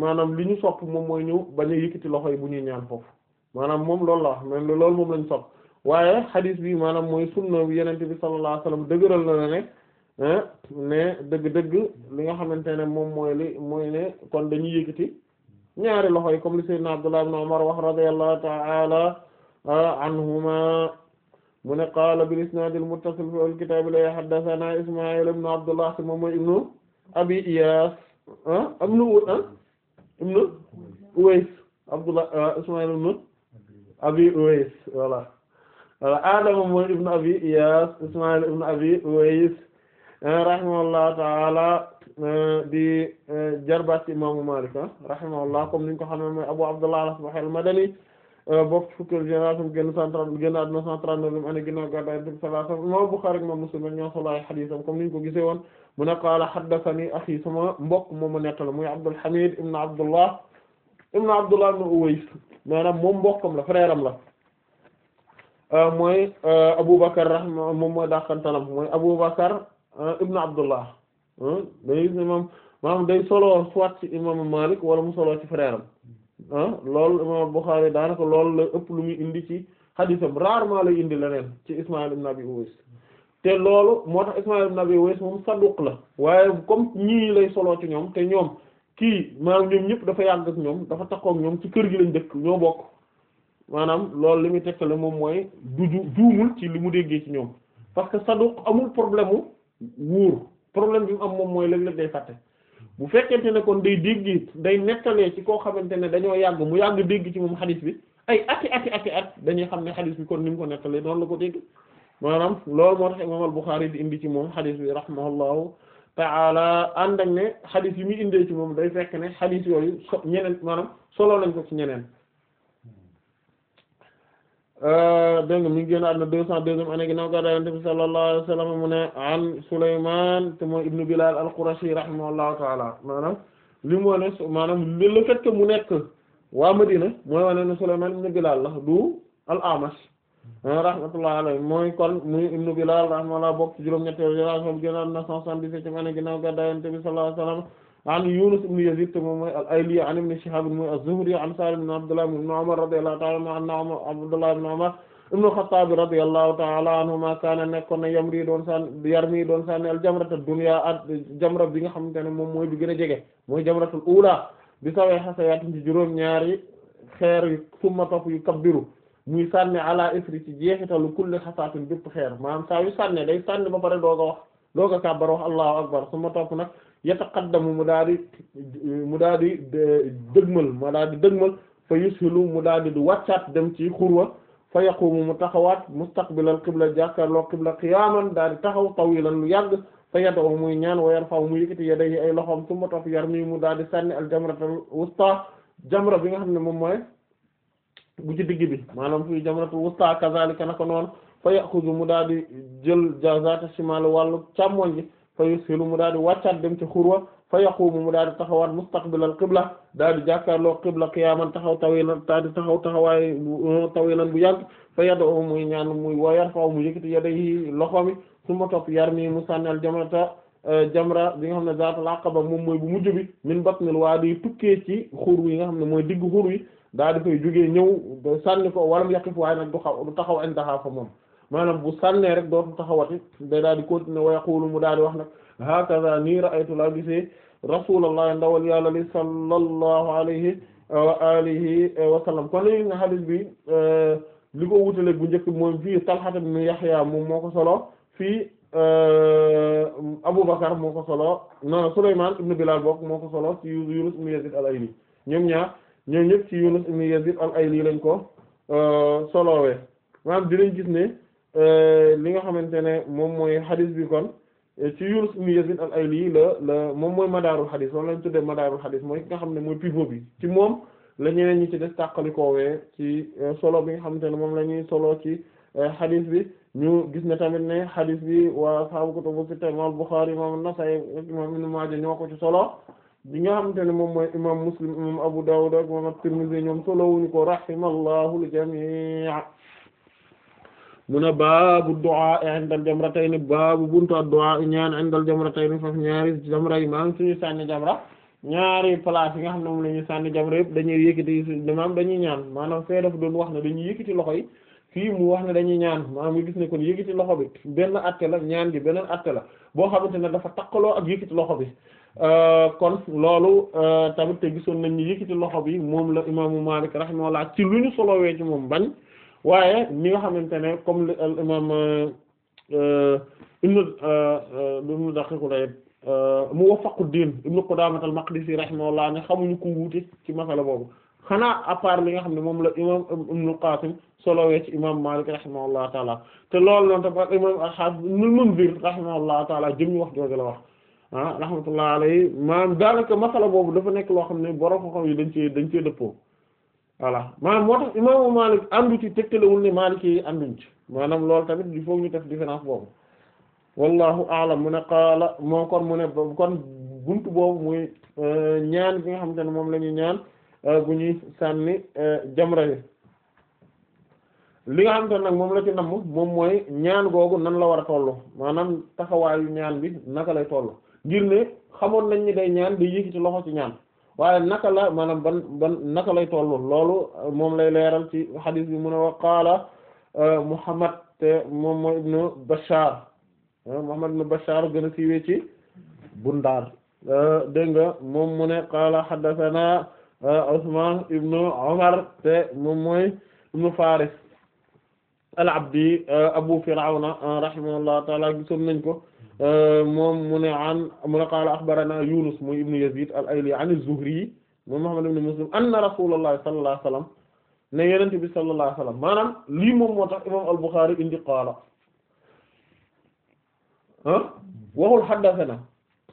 maanaam li ñu sopp moom mooy ñu bañ a yëkkati loxo yi bu ñuy ñaan foofu maanaam moom loolu la wax man loolu moom lañ sopp waaye xadiis bi maanaam mooy sunna yeneen yenente bi sallallahu alayhi wasallam dëgëral na ne ne dëgg-dëgg li nga xamante ne moom mooy li mooy ne kon dañuy yëkkati ñaari loxo yi comme li sayyidna Abdullah ibn Umar wax radiyallahu ta'ala anhuma mu ne qaala bil isnaadil muttasil fil kitaab la haddathana yi ibn Abdullah si moom mooy ibnu Abi Iyaas ibnu ibn Uways Abdullah euh, Ismaïl ibn Abi Uways voilà voilà Adama mooy Abi Iyas Ismaïl ibn Abi Uways euh, rahimahullah taala euh, di jarbaat imaamu Maalik ah, rahimahullah comme niñ ko xam Abu Abdullah al-Asbahi al Euh, bokk ci fukkeelu génération génn cent trente génn àdduna cent trente-neuf année ginnaaw gàddaay Yonent bi sallallahu alayhi wa sallam imam Bukhari ak imam Muslim ñoo solo hadiisam comme niñ ko gisee woon mu ne qaala haddathanii akhii sama mbokk moom ma nettali muy Abdul Hamid ibn Abdullah ibn Abdullah ibn Uways maanaam moom mbokkam la frère am la euh, mooy euh, Aboubacar rahma moom mooy dàqantalam mooy Aboubacar ibn Abdullah day imam maanaam day solo soit ci imam Malik wala mu solo ci frère am Ah, loolu imam Bukhari daanaka loolu la ëpp lu muy indi ci xadisam rarement lay indi leneen ci Ismaïl ibn Abi Uwais te loolu moo tax Ismaïl ibn Abi Uwais moom saduq la waaye comme ñii lay soloo ci ñoom te ñoom kii maanaam ñoom ñëpp dafa yàgg ak ñoom dafa takkook ñoom ci kër gi lañ dëkk ñoo bokk maanaam loolu li muy tegtale moom mooy du juumul ci li mu déggee ci ñoom parce que saduq amul problème mu wóor problème bi mu am moom mooy léeg-léeg day fàtte bu fekkente ne kon day dégg day nettalee ci koo xamante ne dañoo yàgg mu yàgg dégg ci moom xadis bi ay ati ati ati at dañuy xam ne xadis bi kon ni mu ko nettalee doon la ko dégg maanaam loolu moo tax imam al-Bukhari di indi ci moom xadis bi rahimahullahu ta'ala ànd ak ne xadis yi muy indee ci moom day fekk ne xadis yooyu so ñeneen maanaam solo lañ ko ci ñeneen Euh, dégg nga mi ngi génn àdduna deux cent deuxième année ginnaaw gàddaay Yonent bi sallallahu alayhi wa sallam mu ne an Sulaymaan te mooy ibnu Bilaal al-Qurashi rahimahullahu ta'ala maanaam li mu wane maanaam le fait que mu nekk waa Madina mooy wane ne Sulaymaan ibnu Bilaal la du al-Amash rahmatullahi alayhi mooy kon muy ibnu Bilaal rahimahullah bokk ci juróom-ñetteelu génération bi génn àdduna cent soixante-dix-septième année ginnaaw gàddaay Yonent bi sallallahu alayhi wa an Yunus ibn Yazid te moom mooy al-Ayli an ibn Shihab mooy az-Zuhri an Salim ibn Abdullah ibn Umar radiyallahu ta'ala anhu anna Abdullah ibn Umar ibn al-Khattab radiyallahu ta'ala anhuma kaana nekkoon na yamri doon san yarmi doon sànni al-jamrata ad-dunya ak jamra bi nga xamante ne moom mooy bi gën a jege mooy jamratul ula bi sawee xasayatin ci juróom-ñaari xeer yu summa topp yu kabbiru muy sànni ala ifri ci jeexitalu kulli xasaatin bépp xeer maanaam saa yu sànne day sànni ba pare doog a wax doog a kàbbar wax allahu akbar summa topp nag yataqaddamu mu daal di mu daal di dëgmal mu daal di dëgmal fa yushilu mu daal di di wàccaat dem ci xurwa fa yaqumu mu taxawaat mustaqbilal qibla jàkkaarloo qibla qiyaaman daal di taxaw tawilan lu yàgg fa yad'u muy ñaan wa yarfa'u mu yëkkati yadayhi ay loxoom summa topp yarmi mu daal di sànni al jamratal wusta jamra bi nga xam ne moom mooy bu ci digg bi maanaam fi jamratul wusta kazalika naka noonu fa ya'khudhu mu daal di jël jazata shimal wàllu càmmoñ fa yusilu mu daal di wàccaat dem ci xurwa fa yaqumu mu daal di taxawaat mustaqbilal qibla daal di jàkkaarloo qibla qiyaman taxaw tawilan daal di taxaw taxawaay euh, tawilan bu yàgg fa yad'u muy ñaan muy wa yarfa'u mu yëkkati yadayhi loxo mi suma topp yar mi mu sànnel jamrata euh, jamra bi nga xam ne zaatul aqaba moom mooy bu mujj bi min batnil waadi tukkee ci xur wi nga xam ne mooy digg xur wi daal di koy jógee ñëw sànni ko walam yaqif waaye nag du xaw du taxaw indaha fa moom maanaam bu sànnee rek dootu taxawati day daal di wa yaqulu mu daal di wax nag hakaza nii ra'aytu laa gisee ndawal yàlla li sallallahu alayhi wa alihi wa sallam kon li nga xadis bi eh, li ko wutaleeg bu njëkk moom fii Talha ibn Yahya moom moo ko solo fi fii eh, Aboubacar moo ko solo non Souleymane ibn Bilal bokk moo ko solo ci Yunus ibn Yazid al-Ayli ñoom ñaar ñoom ñëpp ci Yunus ibn Yazid al-Ayli lañ ko eh, solowee maanaam dinañ gis ne. Euh, li nga xamante ne moom mooy xadis bi kon euh, ci Yunus ibn Yazid al-Ayli la la moom mooy madaarul xadis loolu lañ tuddee madaarul xadis mooy ki nga xam ne mooy pivot bi ci moom la ñeneen ñi ci des ci euh, solo bi nga xamante ne moom la solo ci xadis bi ñu gis ne tamit ne xadis bi waa sahaabu kutubu sitta imam moom imam Nasaa'i imam Ibn Maaja ñoo ko ci solo bi nga xamante ne moom mooy imam Muslim imam Abu Dawud ak imam At-Tirmidhi ñoom solowuñu ko rahimallahu al mu ne baabu du'a indal jamratayni baabu buntu du'a ñaan indal jamratayni foofu ñaari jamra yi maanaam suñu sànni jamra ñaari place yi nga xam ne moom la ñuy sànni jamra yëpp dañuy yëkkati maanaam dañuy ñaan maanaam fee dafa doon wax ne dañuy yëkkati loxo yi fii mu wax ne dañuy ñaan maanaam nga gis ne kon yëkkati loxo bi benn atte la ñaan gi benn atte la boo xamante ne dafa takkaloo ak yëkkati loxo bi euh, kon loolu euh, tamit te gisoon nañ ni yëkkati loxo bi moom la imaamu Maalik rahimahullah ci lu ñu solowee ci moom bañ waaye ni nga xamante ne comme al euh, imam euh, euh, ibnu ibnu daqiqul ayb muwaffaquddin ibnu qudaamat al maqdisi rahimahullah ne xamuñu ku wuute ci masala boobu xanaa à part li nga xam ne moom la imam ibnu qasim solowee ci imam malik rahimahullah taala te loolu noonu tamit imam al-hafiz ibnu munzir rahimahullah taala jëm ñu wax jooju la wax ah rahmatullah alayhi maanaam daanaka masala boobu dafa nekk loo xam ne borom xam yi dañ ci dañ cee dëppoo voilà maanaam moo tax imaamu Maalik àndu ci tëkkalewul ne Maaliki yi ànduñ ci maanaam loolu tamit il faut ñu def différence boobu wallahu a'lam mu ne qaala moo kon mu ne kon buntu boobu muy euh, ñaan bi nga xamante ne moom la ñaan euh, bu ñuy sànni euh, jamra li nga nag moom la ci namm moom mooy ñaan googu nan la war a toll maanaam taxawaayu ñaan bi naka lay toll ngir ne xamoon nañ ni day ñaan day yëkkati loxo ci ñaan waaye naka la maanaam ban ban naka lay tollu loolu uh, moom lay leeral ci xadis bi mu ne wa qaala uh, Muhammad te moom mooy ibnu Bashar uh, Muhammad ibnu Bashar gën a siiwee ci Bundaar dégg nga moom mu ne qaala haddathana Usman ibnu Umar te moom mooy ibnu Faris al-Abdi Abu Firawna rahimahullahu ta'ala gisoon nañ ko Euh, moom mu ne an mu ne qaala axbarana Yunus muy ibnu Yazid al-Ayli an az-Zuhri moom Muhammad ibn Muslim anna Rasulullah sallallahu alayhi ne Yonent bi sallallahu alayhi maanaam lii moom moo tax imaam al-Bukhari indi qaala ah waxul haddathana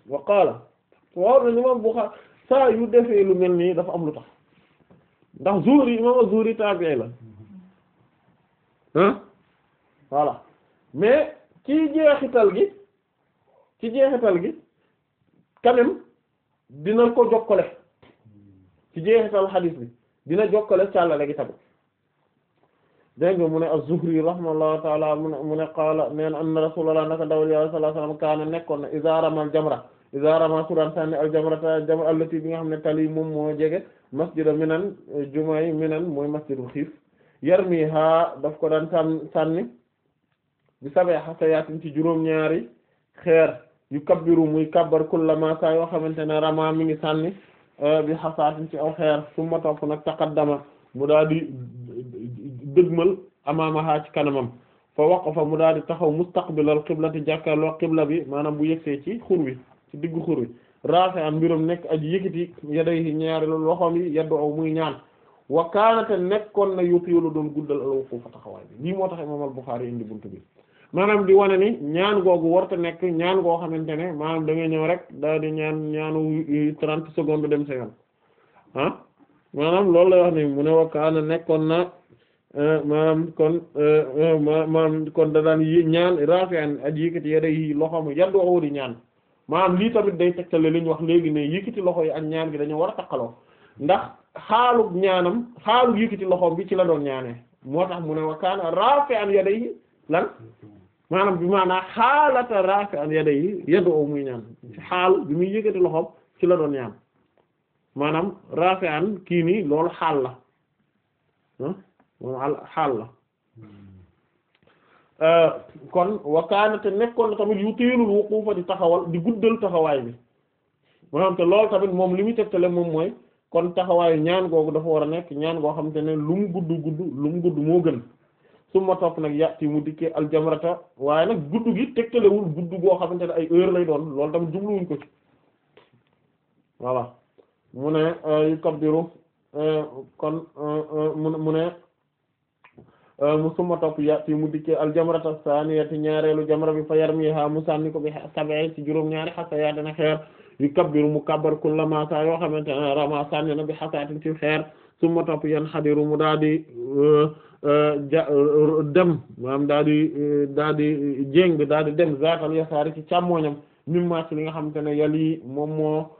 wa qaala saa yu defee lu mel nii dafa am lu tax ndax Zuhri imaam az-Zuhri taabi'i la ah voilà mais ci jeexital gi. ci jeexital gi quand dina ko jokkale ci jeexital xadiis bi dina jokkale càllale gi tamit dégg mu ne az-Zuhri rahimahullahu ta'ala mu ne qaala neen anna Rasulullah naka kaana nekkoon na iza ramal jamra iza rama suran sànni al-jamrata jamra allati bi nga xam ne tali moom moo jege masjida minan jumaay minan mooy masjidul xiif yarmiha daf ko daan sànni bi sab'a hasayaatin ci juróom-ñaari xeer yukabbiru muy kabbar kullama saa yoo xamante ne rama mi ngi sànni euh, bi xasaatin ci aw xeer summa topp nag taqaddama mu daal di dëgmal amaamaha ci kanamam fa mu daal di taxaw mustaqbilal qiblati jàkkaarloo qibla bi maanaam bu yegsee ci xur wi ci diggu xur wi raafe an mbirum nekk aji yëkkati yadayhi ñaari loxoom yi yaddu aw muy ñaan wa kaanate nekkoon na yutiilu doon guddal al wuqufa taxawaay bi lii moo tax imaam al Buxaari indi buntu bi maanaam di wane ni ñaan googu warta nekk ñaan goo xamante ne maanaam da ñëw rek daal di ñaan ñaanu trente secondes dem sa yoon ah maanaam loolu lay wax ni mu ne wakkaana nekkoon na eh, maanaam kon eh, eh, maanaam kon da daan ñaan rafi'an ak yëkkati yada yi loxo mu yaddu woo di ñaan maanaam lii tamit day tegtale li ñu wax léegi ne yëkkati loxo yi ak ñaan gi dañoo war a takkaloo ndax xaalu ñaanam xaalu yëkkati loxo bi ci la doon ñaanee moo tax mu ne wakkaana rafi'an ya yi lan maanaam bi maanaa xaalata raafi an yada yi yaddu oo muy ñaan xaal bi muy yëkkati loxoom ci la doon ñaan maanaam raafi an kii nii loolu xaal la moom xaal la hmm. euh, kon wakaana te nekkoon na tamit yu téelul wuquufa di taxawal di guddal taxawaay bi maanaam te loolu tamit moom li muy tegtale moom mooy kon taxawaayu ñaan googu dafa war a nekk ñaan goo xam te ne lu mu gudd gudd lu mu gudd moo gën suma topp nag yàtti mu dikkee aljamrata waaye nag gudd gi tegtalewul gudd goo xamante ne ay heure lay doon loolu tamit jubluwuñ ko ci voilà mu ne euh, yu kabbiru euh, kon euh, mu ne mu suma topp yàtti mu dikkee aljamrata saaniyati ñaareelu jamra bi fa yarmiha mu sànni ko bi sab'i ci juróom ñaari xasa yaa dana xeer yu kabbiru mu kabbar kullama saa yoo xamante ne rama sànni na bi xasaatin ci xeer summa topp yan xadiru mu daal di euh, euh, ja euh, dem maanaam daal di daal di jéng daal di dem zaatal yasaari ci càmmooñam mim ma ci li nga xamante ne yàlla yi moom moo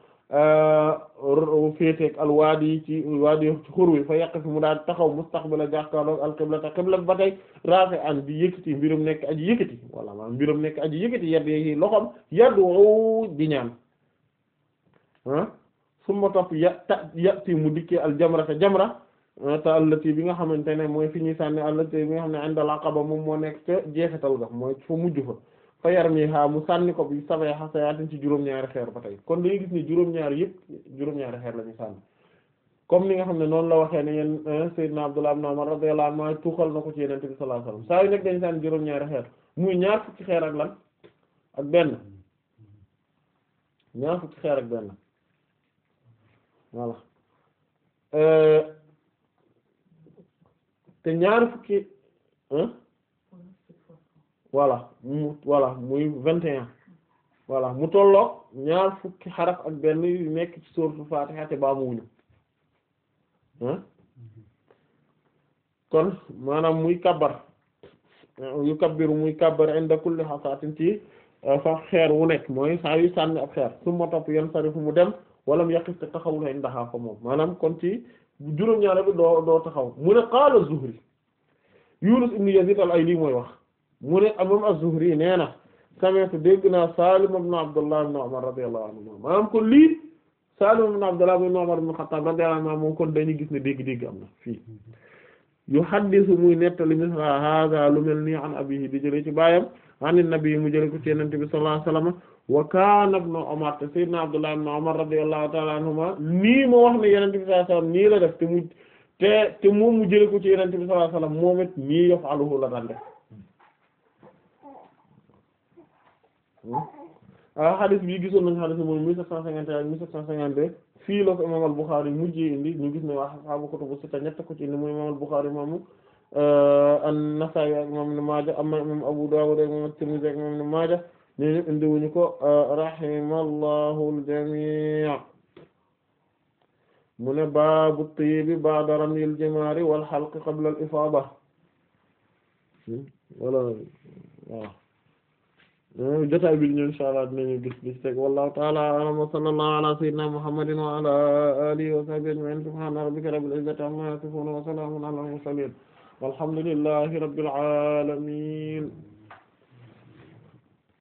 féeteeg alwaadi ci waadi ci xur wi fa yàq fi mu daal di taxaw mustaqbila jàkkaarloog alqibla ta qibla ba tey raafe an di yëkkati mbirum nekk aji yëkkati walla maanaam mbirum nekk aji yëkkati yedd yi loxom yedd woo di ah. summa topp ya ta yati mu dikkee al jamra te jamra te allati bi nga xamante ne mooy fi ñuy sànni allati bi nga xam ne indal aqaba moom moo nekk ca jeexital ga mooy fa mujj fa fa yarmiha mu sànni ko bi sabee xasayaatin ci juróom-ñaari xeer ba tey kon dañuy gis ne juróom-ñaari xeer la ñu sànni comme ni nga xam ne noonu la waxee ne yeen Seydina Abdullah ibn Umar radiyallahu anhu ma tuuxal na ko ci Yonent bi sallallahu alayhi wasallam saa yu nekk dañu sànni juróom-ñaari xeer muy ñaar fukki xeer voilà euh, te ñaar fukki voilà mu voilà muy vingt et un voilà mu tolloog ñaar fukki xaraf ak benn yu nekk ci sourate Fatiha te baa muwuñu kon maanaam muy kabar yu kabbiru muy kabar inda kulli hasatin ci euh, fa xeer wu nekk mooy saa yu sànni ab xeer su topp yan sari fu mu dem walam yaqif te taxawul indaha fa moom maanaam kon ci juróom-ñaare bi doo doo taxaw mu ne qaala Zuhri Yunus ibn Yazid al-Ayli mooy wax mu ne imam az-Zuhri nee na sami'tu dégg naa Salim ibn Abdullah ibn Umar radiyallahu anhu maanaam kon lii Salim ibn Abdullah ibn Umar ibn Khattab radiyallahu anhu moom kon dañuy gis ne dégg-dégg am na fii yu haddisu muy nettali misla hada lu mel nii an abihi di jëlee ci baayam an nabi mu jëlee ko ci Yonent bi sallallahu alayhi wasallam wa kaana ibn Umar te sayyidna Abdullah ibn Umar radiyallahu ta'ala anhuma nii moo wax ne Yonent bi sallallahu alayhi nii la def te mu te te moom mu jële ko ci Yonent bi sallallahu alayhi moom it nii yaf'aluhu la daan def hmm? ah hadith gisoon nañu hadith mooy 1751 1752 fii la ko imaam al-Bukhari mujjee indi ñu gis ne waa ashaabu kutubu sitta ñett ko ci indi muy imaam al-Bukhari uh, an-Nasaa'i ak imaam Ibn Maaja amma imaam Abu ak imaam at-Tirmidhi ak imaam ñi ñëpp indi wuñu ko rahimallahu al-jamii' mu ne baabu tiibi ba'da ramyil jimaari wal halqi qabla al-ifaada wala waaw jotaay bi ñu inshaa Allah dinañu gis gis teg wallahu ta'ala a'lam wa sallallahu ala sayyidina muhammadin wa ala alihi wa sahbihi ajma'in subhana rabbika rabbil izzati amma yasifun wa salamun ala al-mursalin walhamdulillahi rabbil alamin